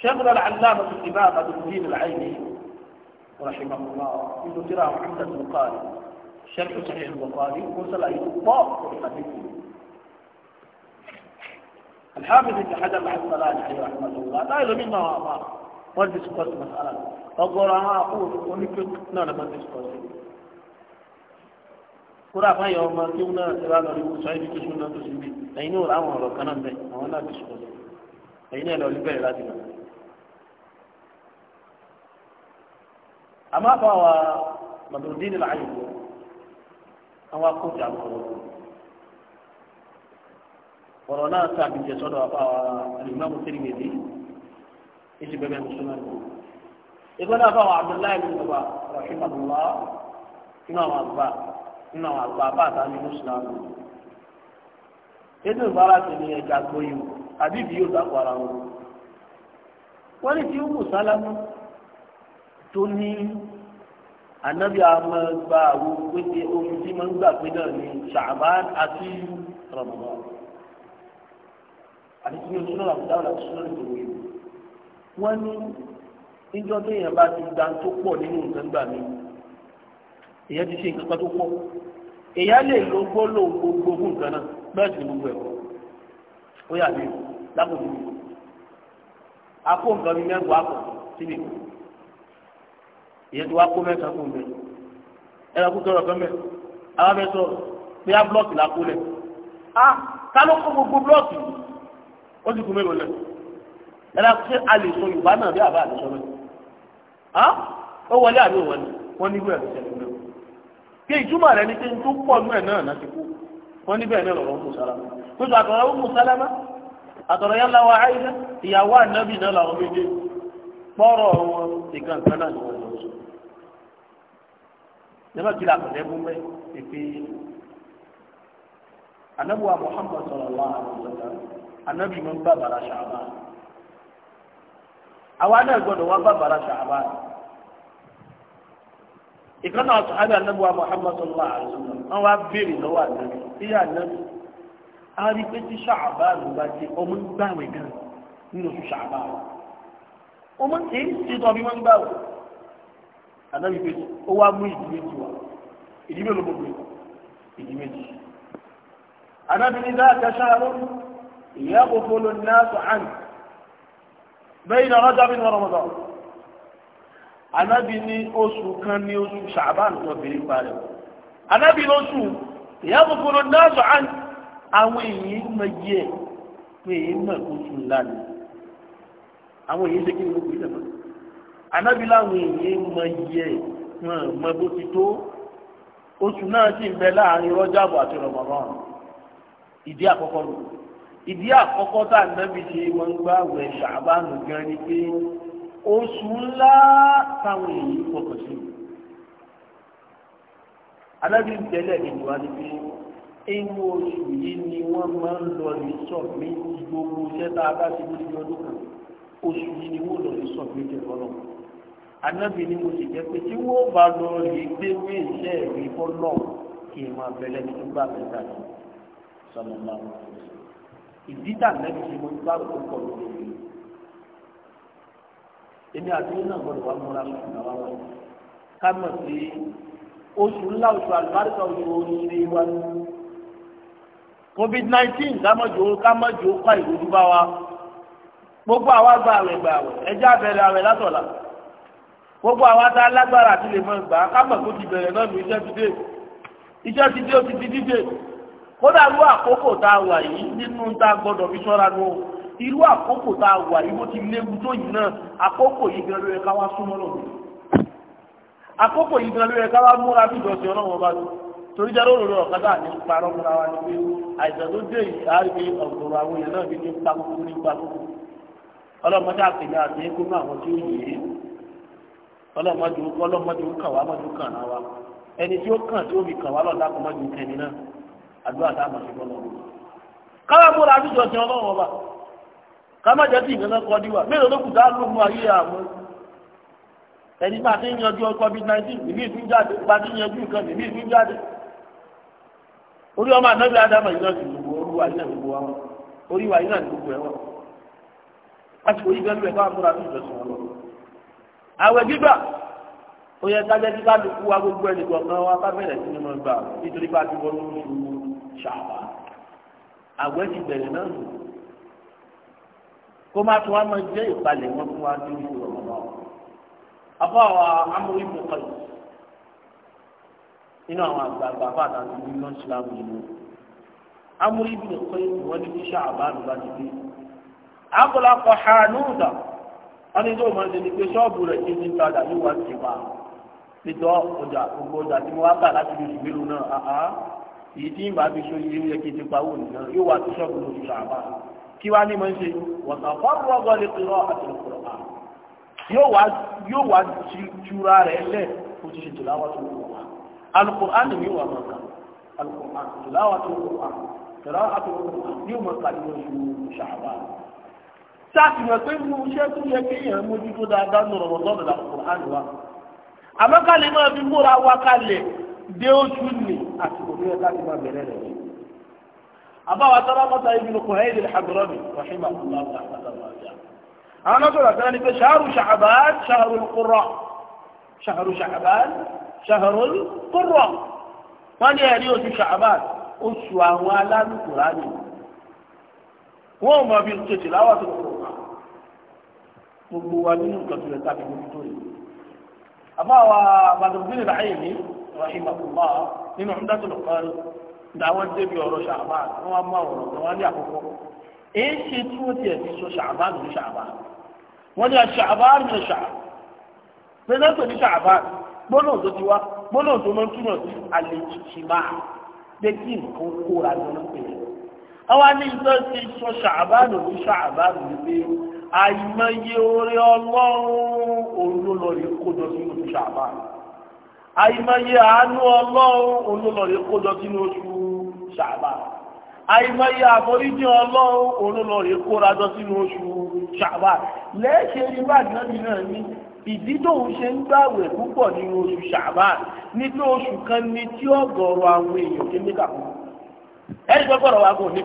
شيخنا العلامة الإمام أبو الدين العيني رحمه الله من ترى محمد البخاري شرح صحيح البخاري وصل إلى إطلاق الحديث الحافظ ابن حجر مع الصلاة رحمه الله لا يلوم إنه ما ما ديسكوس مسألة فقرأها أقول ونكت لا ما ديسكوس kódà fún ẹ̀yọ́ ọmọ tí wọn náà ti wá lọ ní sọ ibi tó sún náà tó sì bí ẹ̀yin náà láwọn ọ̀rọ̀ kan náà bẹ̀ àwọn náà ti sùn ẹ̀yin náà lọ ní bẹ̀rẹ̀ láti lọ. àmọ́ àfọ àwọn màdùndín ní láàyè wọ àwọn akóòtù àwọn ọ̀rọ̀ ọ̀rọ̀ náà sábì jẹ sọ́dọ̀ àfọ àwọn alimami tẹ́lẹ̀mẹ́lì ètò bẹ́ẹ̀ mùsùlùmí. ìgbọ́dọ̀ àfọ àwọn Abdullahi nínú àwọn àgbà bá àtàwọn ní mùsùlùmí ètò ìbára ti ní ẹja gbóyè o àbí ìbí yóò dákọ ara wọn wọn ní tí ó kù sálámù tó ní anabi ama gba awo pété omi tí ma ń gbà pé náà ní ṣàbán àti ramadan àti tí o sún náà àbúdá ọ̀la sún náà lòwe wọn ní níjọ́ tó yẹn bá ti gbà tó pọ̀ nínú nǹkan gbà mí èyàn ti ṣe nǹkan tó pọ̀ èyàn lè lo gbólò gbogbo fún nǹkan náà bẹ́ẹ̀ sì ni gbogbo ẹ̀kọ́ ó yà mí lákòókò mi akó nǹkan mi mẹ́wàá akọ síbi èyàn ti wá kó mẹ́ta fún mi ẹ̀rọ kó tọrọ kan mẹ́ àwọn abẹ́ sọ̀rọ̀ pé á blọ́ọ̀kì la kó lẹ̀ á ká ló kó gbogbo blọ́ọ̀kì ó sì kú mélòó lẹ̀ ẹ̀rọ kó ṣe a lè sọ Yorùbá náà bí àbá àlè sọ mẹ́ ó wọlé àbí òwọlé wọ́n ní ìwé ẹ̀rọ ìṣẹ̀lẹ̀ náà pé ìtumọ̀ rẹ̀ ni pé tó pọ̀ nú ẹ̀ náà láti kú wọ́n níbẹ̀ náà lọ́rọ̀ mú sálámà pẹ̀lú àtọ̀rọ̀ mú sálámà àtọ̀rọ̀ yẹn lọ́wọ́ àìsàn ìyàwó ànábì náà làwọn méje pọ́rọ̀ wọn nìkan kan náà ni wọ́n lọ sọ. nígbà tí làkùnrin mú mẹ́ pépé anábùwà Muhammad sallallahu alaihi wasallam anábì máa ń bá bàrà ṣàbà àwa náà gbọ́dọ̀ wá bá bàrà ṣàbà ìkànnà àtúhádà anábùwà Muhammad sallallahu alaihi wasallam wọn wá béèrè lọ́wọ́ àdàbí sí àdàbí a rí pé tí ṣàbá ló bá ti ọmọ ń gbàwẹ̀ gan nínú oṣù ṣàbá wa ọmọ tí ń ṣe tọ́ bí wọ́n ń gbàwẹ̀ àdàbí pé ó wá mú ìdí méjì wá ìdí mélòó mo pè ìdí méjì àdàbí ní dáadáa ṣáàrọ̀ ìyá kò náà sọ bẹ́ẹ̀ ni ọ̀rọ̀ jábí ní ọ̀rọ̀ mọ̀tọ́ anabi ní oṣù kan ní oṣù ṣàbán lọ́bìnrin parẹ́ anabi ní oṣù ìyá gbogbo náà sọ án àwọn èyí mọ yẹ pé èyí mọ oṣù ńlá ni àwọn èyí ṣe kí ni gbogbo ìdàgbà anabi láwọn èyí mọ yẹ wọn mọ bó ti tó oṣù náà sì ń bẹ láàrin rọjàbọ àti rọmọrán ìdí àkọ́kọ́ ìdí àkọ́kọ́ tá anabi ṣe wọn gbà wẹ ṣàbán gan ni pé oṣù ńlá táwọn èyí fọkàn sí alábí ń tẹ́lẹ̀ nínú wa ni pé ewu oṣù yìí ni wọ́n máa ń lọ ní sọ̀mí gbogbo iṣẹ́ tá a bá ti ní ọdún kan oṣù yìí ni wọ́n lọ ní sọ̀mí jẹ̀fọ́lọ́ anábì ni mo sì jẹ́ pé tí wọ́n bá lọ rí gbéwé iṣẹ́ rí fọ́lọ́ kí n máa bẹ̀rẹ̀ ní gbà mẹ́ta ní sọ̀mọ́ máa ń sọ̀rọ̀ ìdí tà nẹ́bí ṣe mo gbà púpọ̀ lórí èmi àti yín náà gbọ́dọ̀ wá múra fún ìgbà wa ká mọ̀ sí oṣù ńlá oṣù àlùbáríkà oṣù oríire wa covid nineteen kámọ́jò kámọ́jò kọ́ ìròyìn bá wa gbogbo àwa gba àwẹ̀ gba àwẹ̀ ẹjẹ́ abẹ́rẹ́ àwẹ̀ látọ̀la gbogbo àwa tá a lágbára àti lè mọ gbà ká mọ̀ kó ti bẹ̀rẹ̀ náà ní iṣẹ́ ti dé iṣẹ́ ti dé ó ti di dídè kódà ló àkókò tá a wà yìí nínú tá a gbọ́dọ̀ fi ṣọ́ra nù. No irú àkókò tá a wà yìí bó ti léwu tó yìí náà àkókò yìí gan ló yẹ ká wá súnmọ́ lọ́wọ́ àkókò yìí gan ló yẹ ká wá múra bí ìdọ̀tí ọlọ́wọ́ bá lọ torí jáde òròrò ọ̀kadà ní parọ́ múra wa ni pé àìsàn tó dé yìí á rí ọ̀gọ̀rọ̀ àwọn èèyàn náà bí ní pa kúkú ní pa kúkú ọlọ́mọdé àpèjá àti ẹgbẹ́ àwọn tí ó yìí ọlọ́mọdé ọlọ́mọdé ó kàn wá mọ́jú kàn náà wa ẹni tí ó kàn tí ó fi kàn wá lọ́dà kọ́ mọ́jú kẹ́ni náà àdúrà táwọn àti bọ́lọ́ sámájẹ́ tí ìgbẹ́nà kọ́ díwà mélòó ló kù dá lóògùn ayé àwọn ẹni bá ti ń yanjú COVID-19 ìmí ìfún jáde bá ti ń yanjú nǹkan ìmí ìfún jáde orí ọmọ ànábì adama yìí náà ti gbogbo orí wa yìí náà gbogbo wa orí wa yìí náà gbogbo ẹ wọn àsìkò yìí bẹ́ẹ̀ bẹ́ẹ̀ bá múra ní ìjọsìn wọn lọ. àwẹ̀ gbígbà ó yẹ kájẹ́ kí kálukú wa gbogbo ẹnì kọ̀ọ̀kan wa bá bẹ̀rẹ̀ sí ni mo gbà nítorí bá ti wọ́n lóṣù ṣàwà àwẹ̀ ti bẹ̀rẹ̀ náà nù kó má tó wá máa jẹ́ ìpalẹ̀ wọn fún wa ní oṣù Ramadan afọ àwọn amúrí mọ̀kàn nínú àwọn àgbààgbà fàtà tó ní lọ́n sílámù nínú amúrí mọ̀kàn wọn ní iṣẹ́ àbáàlú bá ti dé àkọlákọ̀ hànúùdà wọn ní tó máa ń pé ṣọ́ọ̀bù rẹ̀ ti ní padà yóò wá ti pa pẹ̀tọ́ ọjà gbogbo ọjà tí mo wá gbà láti lè ṣùgbẹ́rù náà àhá èyí tí ìbá fi ṣe kí wá ní mọ̀ ń ṣe wọ̀tàfọ́rọ̀gọ́ lè pèrọ àtìlọ́pọ̀rọ̀ à yóò wá jura rẹ̀ lẹ̀ kó ti ṣe tìláwà tó kù wá alùpùpù ni yóò wà mọ̀ ká alùpùpù tìláwà tó kù wá tìláwà tó kù mọ̀ ká nínú oṣù ṣàwà àbáwá sálámọ́ta ibi ní kùnrin ìdílé àgbọ̀rọ̀mì rahimah allah àwọn ọ̀sọ̀rọ̀ àti ẹni pé ṣàrù ṣàbán ṣàrù kúrọ̀ ṣàrù ṣàbán ṣàrù kúrọ̀ wọ́n ní ẹ̀rí oṣù ṣàbán oṣù àwọn alálùkùrá ni wọ́n mọ̀ bí tètè láwọ̀ tó kọ̀ gbogbo wa nínú nǹkan tó lè tàbí gbogbo tó yìí àbáwá àbàdàn bíi rahimah allah nínú ọ̀dọ́ tó lọ́kọ́ dáwọn débi ọ̀rọ̀ ṣàbá wọn wá máa ọ̀rọ̀ tó wá ní àkókò èyí ṣe tí wọ́n tiẹ̀ ti sọ ṣàbá ní ṣàbá wọ́n ní ṣàbá ní ṣàbá pẹ̀lú tó ní ṣàbá gbọ́dọ̀ tó ti wá gbọ́dọ̀ tó máa ń túnọ̀ sí àlejìṣì máa pé kí nǹkan kóra ní wọn pè é. ní ìtọ́ ti sọ ṣàbá ní ṣàbá ní pé àìmọye oore ọlọ́run òun ló lọ rí kó lọ sí ṣàbá àìmọye àánú ọlọ́run olólọ́rẹ̀ kójọ sínú oṣù ṣàbà àìmọye àforíjì ọlọ́run olólọ́rẹ̀ kórajọ sínú oṣù ṣàbà lẹ́ẹ̀ṣẹ̀ irú àjọbí náà ní ìdí tóun ṣe ń gbàwẹ̀ púpọ̀ nínú oṣù ṣàbà nínú oṣù kan ni tí ọ̀gọ̀rọ̀ àwọn èèyàn ti ní kàkó ẹni pé gbọ́dọ̀ wá kó ní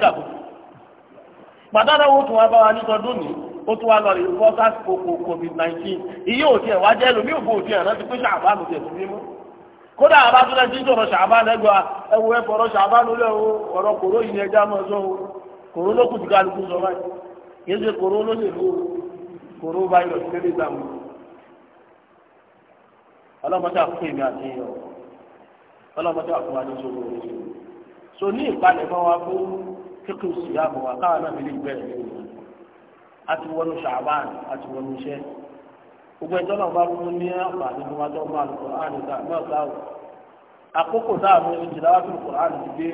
pàtàkì owó tó wá bá wa nítọdún ní ó tún wá lọ rí fọ́sà kòkò covid nineteen ìyí òtí ẹ̀ wá jẹ́ lómi òfò òtí ẹ̀ rántí pé ṣàbà lòtẹ̀ tó mímú. kódà àbá tó lẹ́sí ń sọ̀rọ̀ ṣàbán lẹ́gbàá ẹwù ẹ fọ̀rọ̀ ṣàbán lólè o ọ̀rọ̀ kòró yìí ẹja mọ̀ sọ o kòró ló kù ti lùkù sọ báyìí kìí ṣe kòró ló lè kòró báyìí lọ sí lélẹ̀ ìgbà ọlọ́mọdé àfún èmi àti ẹ̀yọ ọlọ́mọdé àfún àti ìṣòro rẹ̀ ṣe. so ní ìpalẹ̀ wa fún káwọn náà gbogbo ẹjọ́ náà bá fún ní àǹfààní fún wájú ọmọ àlùkò àdìgbà náà sáwọ àkókò sáàmù ìjìláwàtò kòránì ti dé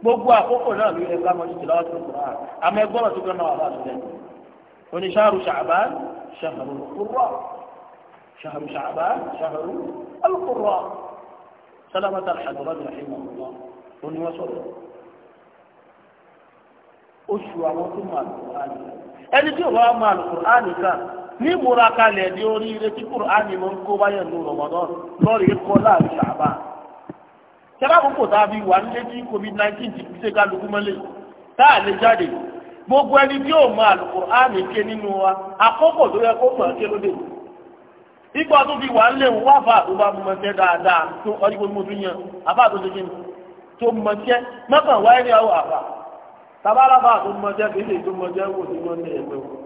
gbogbo àkókò náà ló yẹ sáàmù ìjìláwàtò kòránì àmọ́ tó náà wà láti àdúrà ní oní wọn oṣù àwọn tó ẹni tí n'i ìmúra aka na oríire tí kùránì ló ń kó báyọ̀ ní rọ̀mọ́dán lọ́ọ̀rì kọ́ láàrin ṣàbá. ṣẹ́bá kókò wà nílé tí covid nineteen ti fi ṣe kálukú jáde gbogbo ẹni tí o mọ àlùkùránì ké nínú wa tó yẹ kó ké lóde. ìgbà tó fi wà dáadáa tó tún tó wáyé àwọn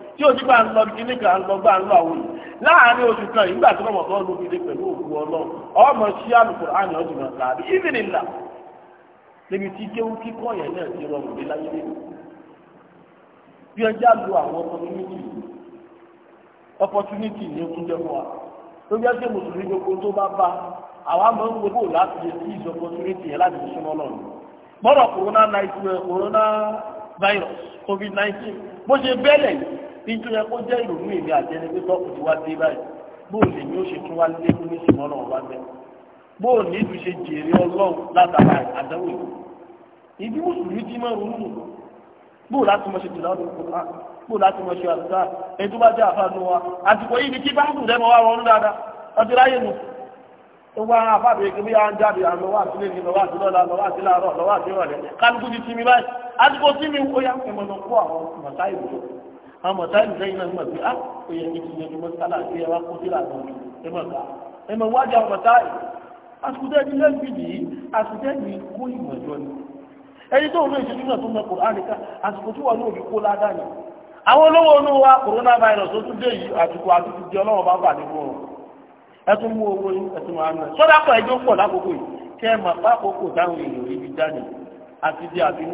tí o ti bá ń lọ bí kíní kan lọ bá ń lọ àwọn yìí láàárín oṣù kan yìí nígbà tí wọn mọ̀tọ́ lu kíní pẹ̀lú òkú ọlọ ọmọ sí àlùkòrò àná ọdún náà tàbí ìbìnrin là níbi tí kéwú kíkọ́ yẹn náà ti rọrùn láyé lé bí lu àwọn opportunity opportunity fún wa tó bí ìjọ yẹ kó jẹ́ ìrònú èmi àjẹni pé tọ́kù ti wá dé báyìí bóò lè ní ó ṣe tún wá lé ní ìsìnkú ọlọ́run wá bẹ́ẹ̀ bóò ní ìlú ṣe jèrè ọlọ́run látara àdánwò ìlú ìdí mùsùlùmí ti máa ronú bóò láti mọ̀ ṣe tìlá ọdún bóò láti mọ̀ ṣe àdúrà ẹni tó bá jẹ́ wa yìí ni kí báńkù rẹ̀ wá dáadáa àmọ́ táìmù sẹ́yìn náà mọ̀ sí á kò yẹ kí n yẹn mọ́ sálà sí ẹ wá kó sí làánà ẹ mọ̀ ká ẹ mọ̀ wájà ọmọ táì àsùtẹ́ ní lẹ́bi yìí àsùtẹ́ ní kó ìmọ̀ jọ ni ẹni tó ń lé ìṣẹ́jú náà tó mọ kòránì ká àsìkò tí wọn ní òbí kó ládàá ni àwọn olówó inú wa corona virus tó tún dé yìí àsìkò àtúntò di ọlọ́wọ́ bá bà nínú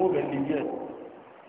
ọ̀rọ̀ ẹ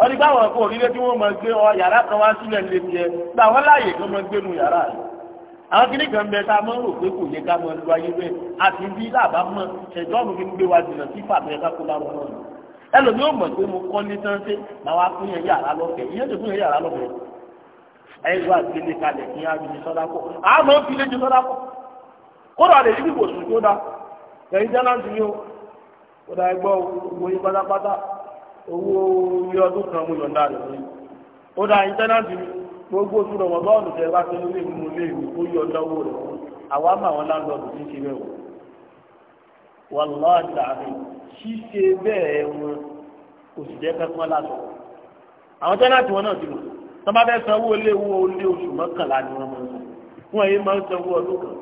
wọ́n ti gbáwọn ọkọ̀ òrìlé tí wọ́n máa gbé ọ yàrá kan wá sílẹ̀ lè tiẹ̀ gbà wọ́n láàyè kan máa gbénu yàrá rẹ̀ àwọn kìnnì kan bẹ tá a máa ń rò pé kò yẹ ká máa lu ayé bẹ́ẹ̀ àti bí làbá mọ̀ ṣẹ̀jọ́ mi fi ń gbé wa jìnnà sí fàtọ̀ yẹ ká kó lárọ́ náà ni ẹlòmí ò mọ̀ pé mo kọ́ ní tán ṣe máa wá fún yẹn yàrá lọ́fẹ̀ẹ́ ìyẹn tó fún yẹn yàrá lọ́fẹ̀ẹ́ ẹ̀rọ àgbélé kalẹ̀ kí á fi sọ́dá pọ̀ àmọ́ fi lé ju sọ́dá pọ̀ kódà àlè yìí kò sùn tó o kódà ẹgbọ́ owó ilé ọdún kan mú yọ̀ǹda rẹ̀ lórí ó dá ìtẹ́nàtì gbogbo oṣù rọ̀mọ̀bọ́ọ̀lù tẹ bá tẹnu lé nínú ilé ìlú ó yọ̀ǹda owó rẹ̀ àwa mọ àwọn láńlọ́ọ̀dù tí ń ṣe bẹ́ẹ̀ wò wàláhì àmì ṣíṣe bẹ́ẹ̀ wọn kò sì jẹ́ kẹ́kọ́ látọ̀ àwọn tẹ́nàtì wọn náà ti mọ̀ tọ́ bá fẹ́ sanwó ilé owó ilé oṣù mọ́kànlá ni wọ́n máa ń sọ wọn yìí máa ń sanwó ọdún kan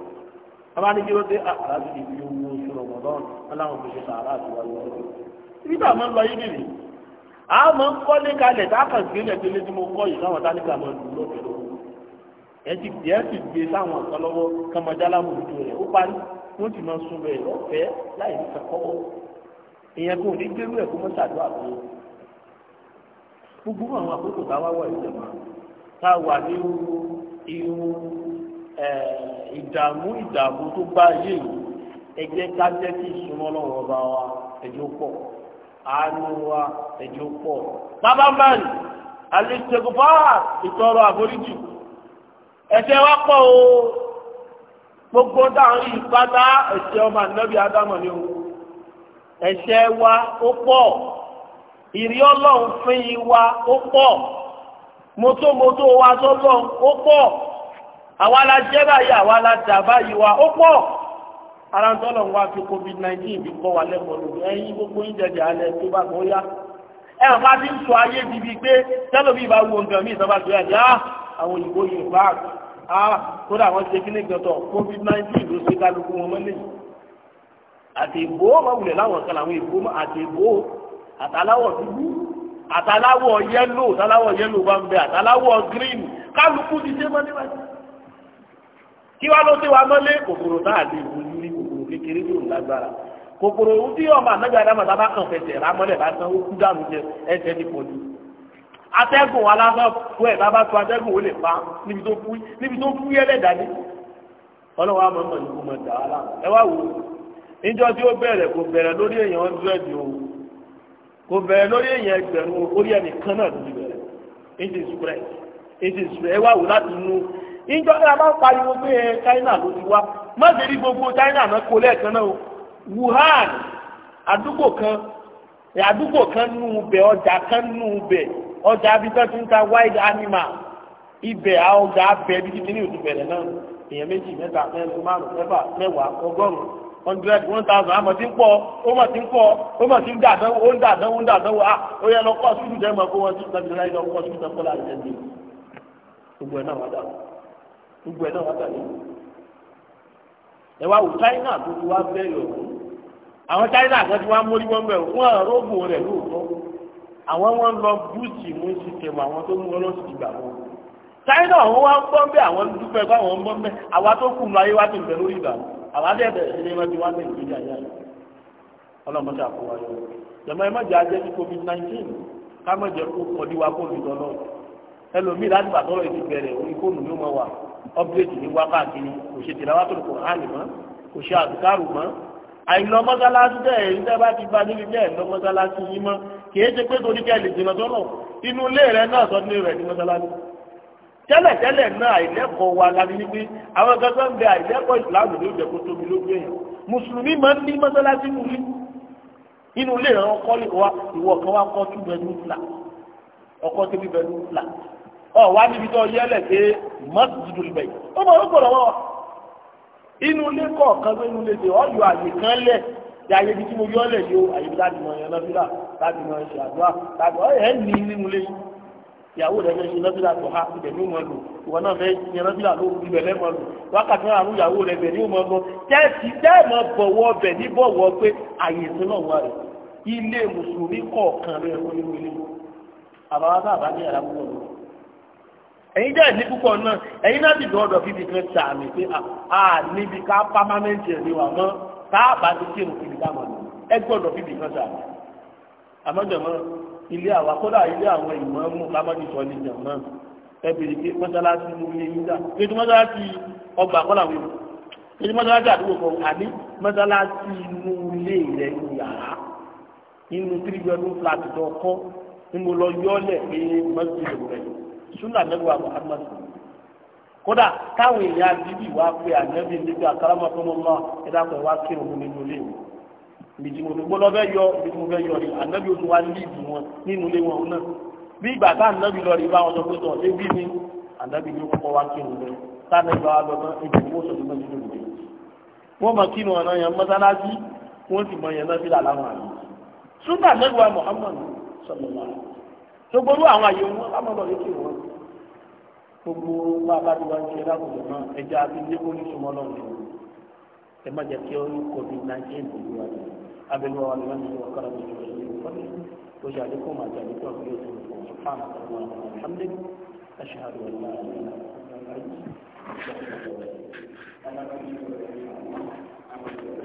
àbá ní kí ló dé ah, àkàrà ti di owó oṣù rọ̀mọ̀bọ́ọ̀lù aláwọn kò ṣe sàárà àti wàlúwàlú ibi táwọn máa ń lọ yí nìyí a máa ń kọ́lé kalẹ̀ dákàn sí ilẹ̀ tó lé tí mo kọ́ yìí láwọn tálíkà máa lù lọ́dọ̀ ẹ ti gbé ẹ ti gbé sáwọn kan lọ́wọ́ kọmọdálá mòdò rẹ̀ ó parí wọ́n ti máa sun bẹ́ẹ̀ lọ́fẹ̀ẹ́ láì ní kakọ́wọ́ ìyẹn kò ní gbérú ẹ̀ kó mọ́ ṣàdúrà fún un gbogbo àwọn àkókò táwa wà ìjọba tá a wà ní irú ìdààmú ìdààmú tó bá yé yìí ẹ jẹ́ ká jẹ́ kí ìsúná lọ́wọ́ bá wa ẹ̀jẹ̀ pọ̀ àánú wa ẹ̀jẹ̀ pọ̀ pábánbán àlejòkòfà ìtọrọ àforíjì ẹ̀ṣẹ̀ wa pọ̀ o gbogbo dáhùn yìí pátá ẹ̀ṣẹ̀ ọmọ ànábì ádámù ni o ẹ̀ṣẹ̀ wa ó pọ̀ ìrí ọlọ́run fún yìí wa ó pọ̀ mọ́tòmọ́tò wa sọ́lọ́run ó pọ̀ àwa la jẹ́ báyìí àwa la dà báyìí wa ó pọ̀ ara ń tọ́lọ̀ ń wá fi covid-19 bí kọ́ wa lẹ́kọ̀ọ́ lòdì ẹ̀yin gbogbo ìjẹ̀jẹ̀ alẹ́ tó bá kọ́ yá ẹ̀ ọ̀pá ti ń sọ ayé bíbí pé tẹ́lọ̀bí ìbá wo nǹkan mí ìsọ́bà tó yàjá àwọn òyìnbó yìí bá a kódà wọ́n ṣe kíní gbọ̀tọ̀ covid-19 ló ṣe kálukú wọn mọ́lẹ̀ àti ìbò ọmọ wulẹ̀ láwọn kan àwọn ìbò àti ìbò àtàláwọ̀ dúdú àtàláwọ̀ yẹ́lò àtàláwọ̀ yẹ́lò bá ń bẹ àtàláwọ̀ green kálukú ti ṣe mọ́lẹ̀ báyìí kí wá ló ṣe wá mọ́lẹ̀ kòkòrò táà lè wọlé kékeré tó lágbára kòkòrò ohun tí ọmọ anájà dámà tá a bá kàn fẹsẹ̀ rà mọ́lẹ̀ bá san ó kú dànù jẹ ẹsẹ̀ ti pọ̀ jù atẹ́gùn aláfẹ́ fún ẹ̀ bá bá tó atẹ́gùn ó lè fa níbi tó fú níbi tó fú yẹ́lẹ̀ dání ọlọ́wọ́ àmọ́ mọ̀ ní kó mọ̀ dà á là ẹ wá wò ó níjọ́ tí ó bẹ̀rẹ̀ kò bẹ̀rẹ̀ lórí èèyàn hundred o kò bẹ̀rẹ̀ lórí èèyàn ẹgbẹ̀rún orí ẹnì kan náà ló ti bẹ̀rẹ̀ ètò ìsúrẹ ètò ìsúrẹ ẹ wá wò láti inú níjọ́ tí a bá pariwo pé China ló ti wá má rí gbogbo China náà kó lẹ́ẹ̀kan náà Wuhan àdúgbò kan àdúgbò kan ọjà kan nù ọjà abidjan ti ń ta wild animal ibẹ̀ ọjà abẹ́ bíi kíní náà èèyàn méjì márùn hundred one thousand tí ń ó tí ń ó tí dánwó ó ń dà dánwó ó ń dà dánwó à ah, ó yẹ lọ kọ kó ti tẹ̀lé láyé lọ kọ́ sùúrù láyé gbogbo náà wá dà gbogbo náà ẹ wá wò China tó ti wá bẹ́ẹ̀ ọ̀hún àwọn China kan ti wá mórí wọn bẹ́ẹ̀ fún àrògbò rẹ̀ lóòótọ́ àwọn wọn lọ búùtì mú sísèmù àwọn tó mú ọlọ́sì ìgbà wọn China wọn wá ń bọ́ ń bẹ́ àwọn dúpẹ́ kó àwọn ń bọ́ ń bẹ́ àwa tó kù lọ ayé wá ti ń bẹ lórí ìgbà àwa dẹ̀ bẹ̀rẹ̀ sí ni wọ́n ti wá ní Nàìjíríà yára ọlọ́mọdé àkọwáyọ jẹ̀mọ́ ẹ má jẹ́ ajẹ́ ní COVID-19 ká má jẹ́ kó kọ́ níwá kó lùdọ́ náà ẹlòmíì láti bàtọ́ ọ̀rọ̀ ìdí bẹ̀rẹ̀ orí fóònù ló mọ̀ wà ọ́pẹ́tì ní wákàtí ni kò ṣe tìlà wàtò kòhánì mọ́ kò ṣe àdùkárù mọ́ àìlọ mọ́sálásí tẹ̀ ẹ̀yìn tẹ́ bá ti bá níbi tẹ́ ẹ̀lọ mọ́sálásí yín mọ́ kì í ṣe pé torí kẹ́ lè jìnà sọ́nà inú ilé rẹ náà sọ ní rẹ̀ ní mọ́sálásí tẹ́lẹ̀tẹ́lẹ̀ náà àìlẹ́kọ̀ọ́ wa la ní pé àwọn kan tó ń bẹ àìlẹ́kọ̀ọ́ ìsìláàmù ló jẹ́ kó tóbi ló gbé yẹn mùsùlùmí máa ń ní mọ́sálásí mú rí inú ilé rẹ ọkọ ìwọ kan wá kọ́ two bedroom ọ wá níbi tó yẹlẹ̀ pé mọ́sídìdì lùbẹ̀ yìí ó mọ̀ ó gbọ́dọ̀ wọ́n inú ilé kọ̀ọ̀kan pé inú ilé ṣe ọ yọ àyè kan lẹ̀ ṣe àyè ibi tí mo yọ lẹ̀ yóò àyè ibi láti mọ ẹ̀yàn lọ́fíìlà láti mọ ẹ̀ṣẹ̀ àdúrà láti ọ ẹ̀ ní nínú ilé ìyàwó rẹ̀ fẹ́ ṣe lọ́fíìlà tó ha ibẹ̀ ní òun ọdún ìwọ náà fẹ́ ṣe lọ́fíìlà ló ibẹ̀ lẹ́mọ̀ lò wákàtí àrùn ìyàwó rẹ̀ bẹ̀ ní òun ọdún tẹ́ẹ̀sì tẹ́ẹ̀mọ̀ bọ̀wọ̀ bẹ̀ ní bọ̀wọ̀ pé àyè ìsinà wà rẹ̀ ilé mùsùlùmí kọ̀ọ̀kan rẹ̀ ó nínú ilé àbáwá sábà ní àràbùkọ̀ lò ẹ̀yin jẹ́ ẹ̀ní púpọ̀ náà ẹ̀yin náà ti dọ̀ọ̀dọ̀ fífi kan sàmì pé a níbi ká pámámẹ́ǹtì ẹ̀ níwà mọ́ ká bá ti kí èrò fífi ká mọ̀ ní ẹ gbọ́dọ̀ fífi kan sàmì. àmọ́jọ̀mọ́ ilé àwa kódà ilé àwọn ìmọ̀ mú lámọ́jì sọ ní jọ̀mọ́ ẹ bèrè pé mọ́sálásí mú ilé yín dà pé mọ́sálásí ọgbà kọ́là wí pé mọ́sálásí àdúgbò kan àní mọ́sálásí inú ilé rẹ̀ ń yàrá inú tírígbẹ́rún flat dọ̀kọ́ ni mo lọ yọ́ lẹ̀ pé mọ́sálásí rẹ̀ súnà nẹ́gbà Muhammad kódà táwọn èèyàn bíbí wá pé ànábì nígbà kárámà tó mọ́ náà ẹ dákọ̀ wá kí òun nínú ilé mi bìtì mo fi gbọ́dọ̀ fẹ́ yọ bìtì mo fẹ́ yọ rí ànábì oṣù wa líìdì wọn nínú ilé wọn náà bí ìgbà tá ànábì lọ rí báwọn sọ pé sọ ṣé bí ni ànábì ló kọ́kọ́ wá kí òun lọ táwọn ìgbà lọ tán ibi ìwọ sọ fún mẹ́jọ lòdì wọ́n mọ kí wọn náà yẹn mọ́sálásí wọ́n sì mọ yẹn náà fi làlá wọn àná gbogbo olú àwọn àyè wọn bá mọ̀ lọ yókè wọn gbogbo wa bá ti wá ń ṣe lákòókò náà ẹja abílẹ̀ ó ní sọmọ lọ́wọ́ ẹ má jẹ́ kí ó ní covid nineteen gbogbo wa ni abẹ́lẹ́ wa ni wọ́n ti wọ́n kára lójú ọ̀sẹ̀ yìí wọ́n ní ó ṣe àdínkù máa jẹ́ àdínkù àti yóò tẹ̀lé fún ọ̀sán fáànù àti wọn àwọn alhamdu ashhadu an la ilaha illa allah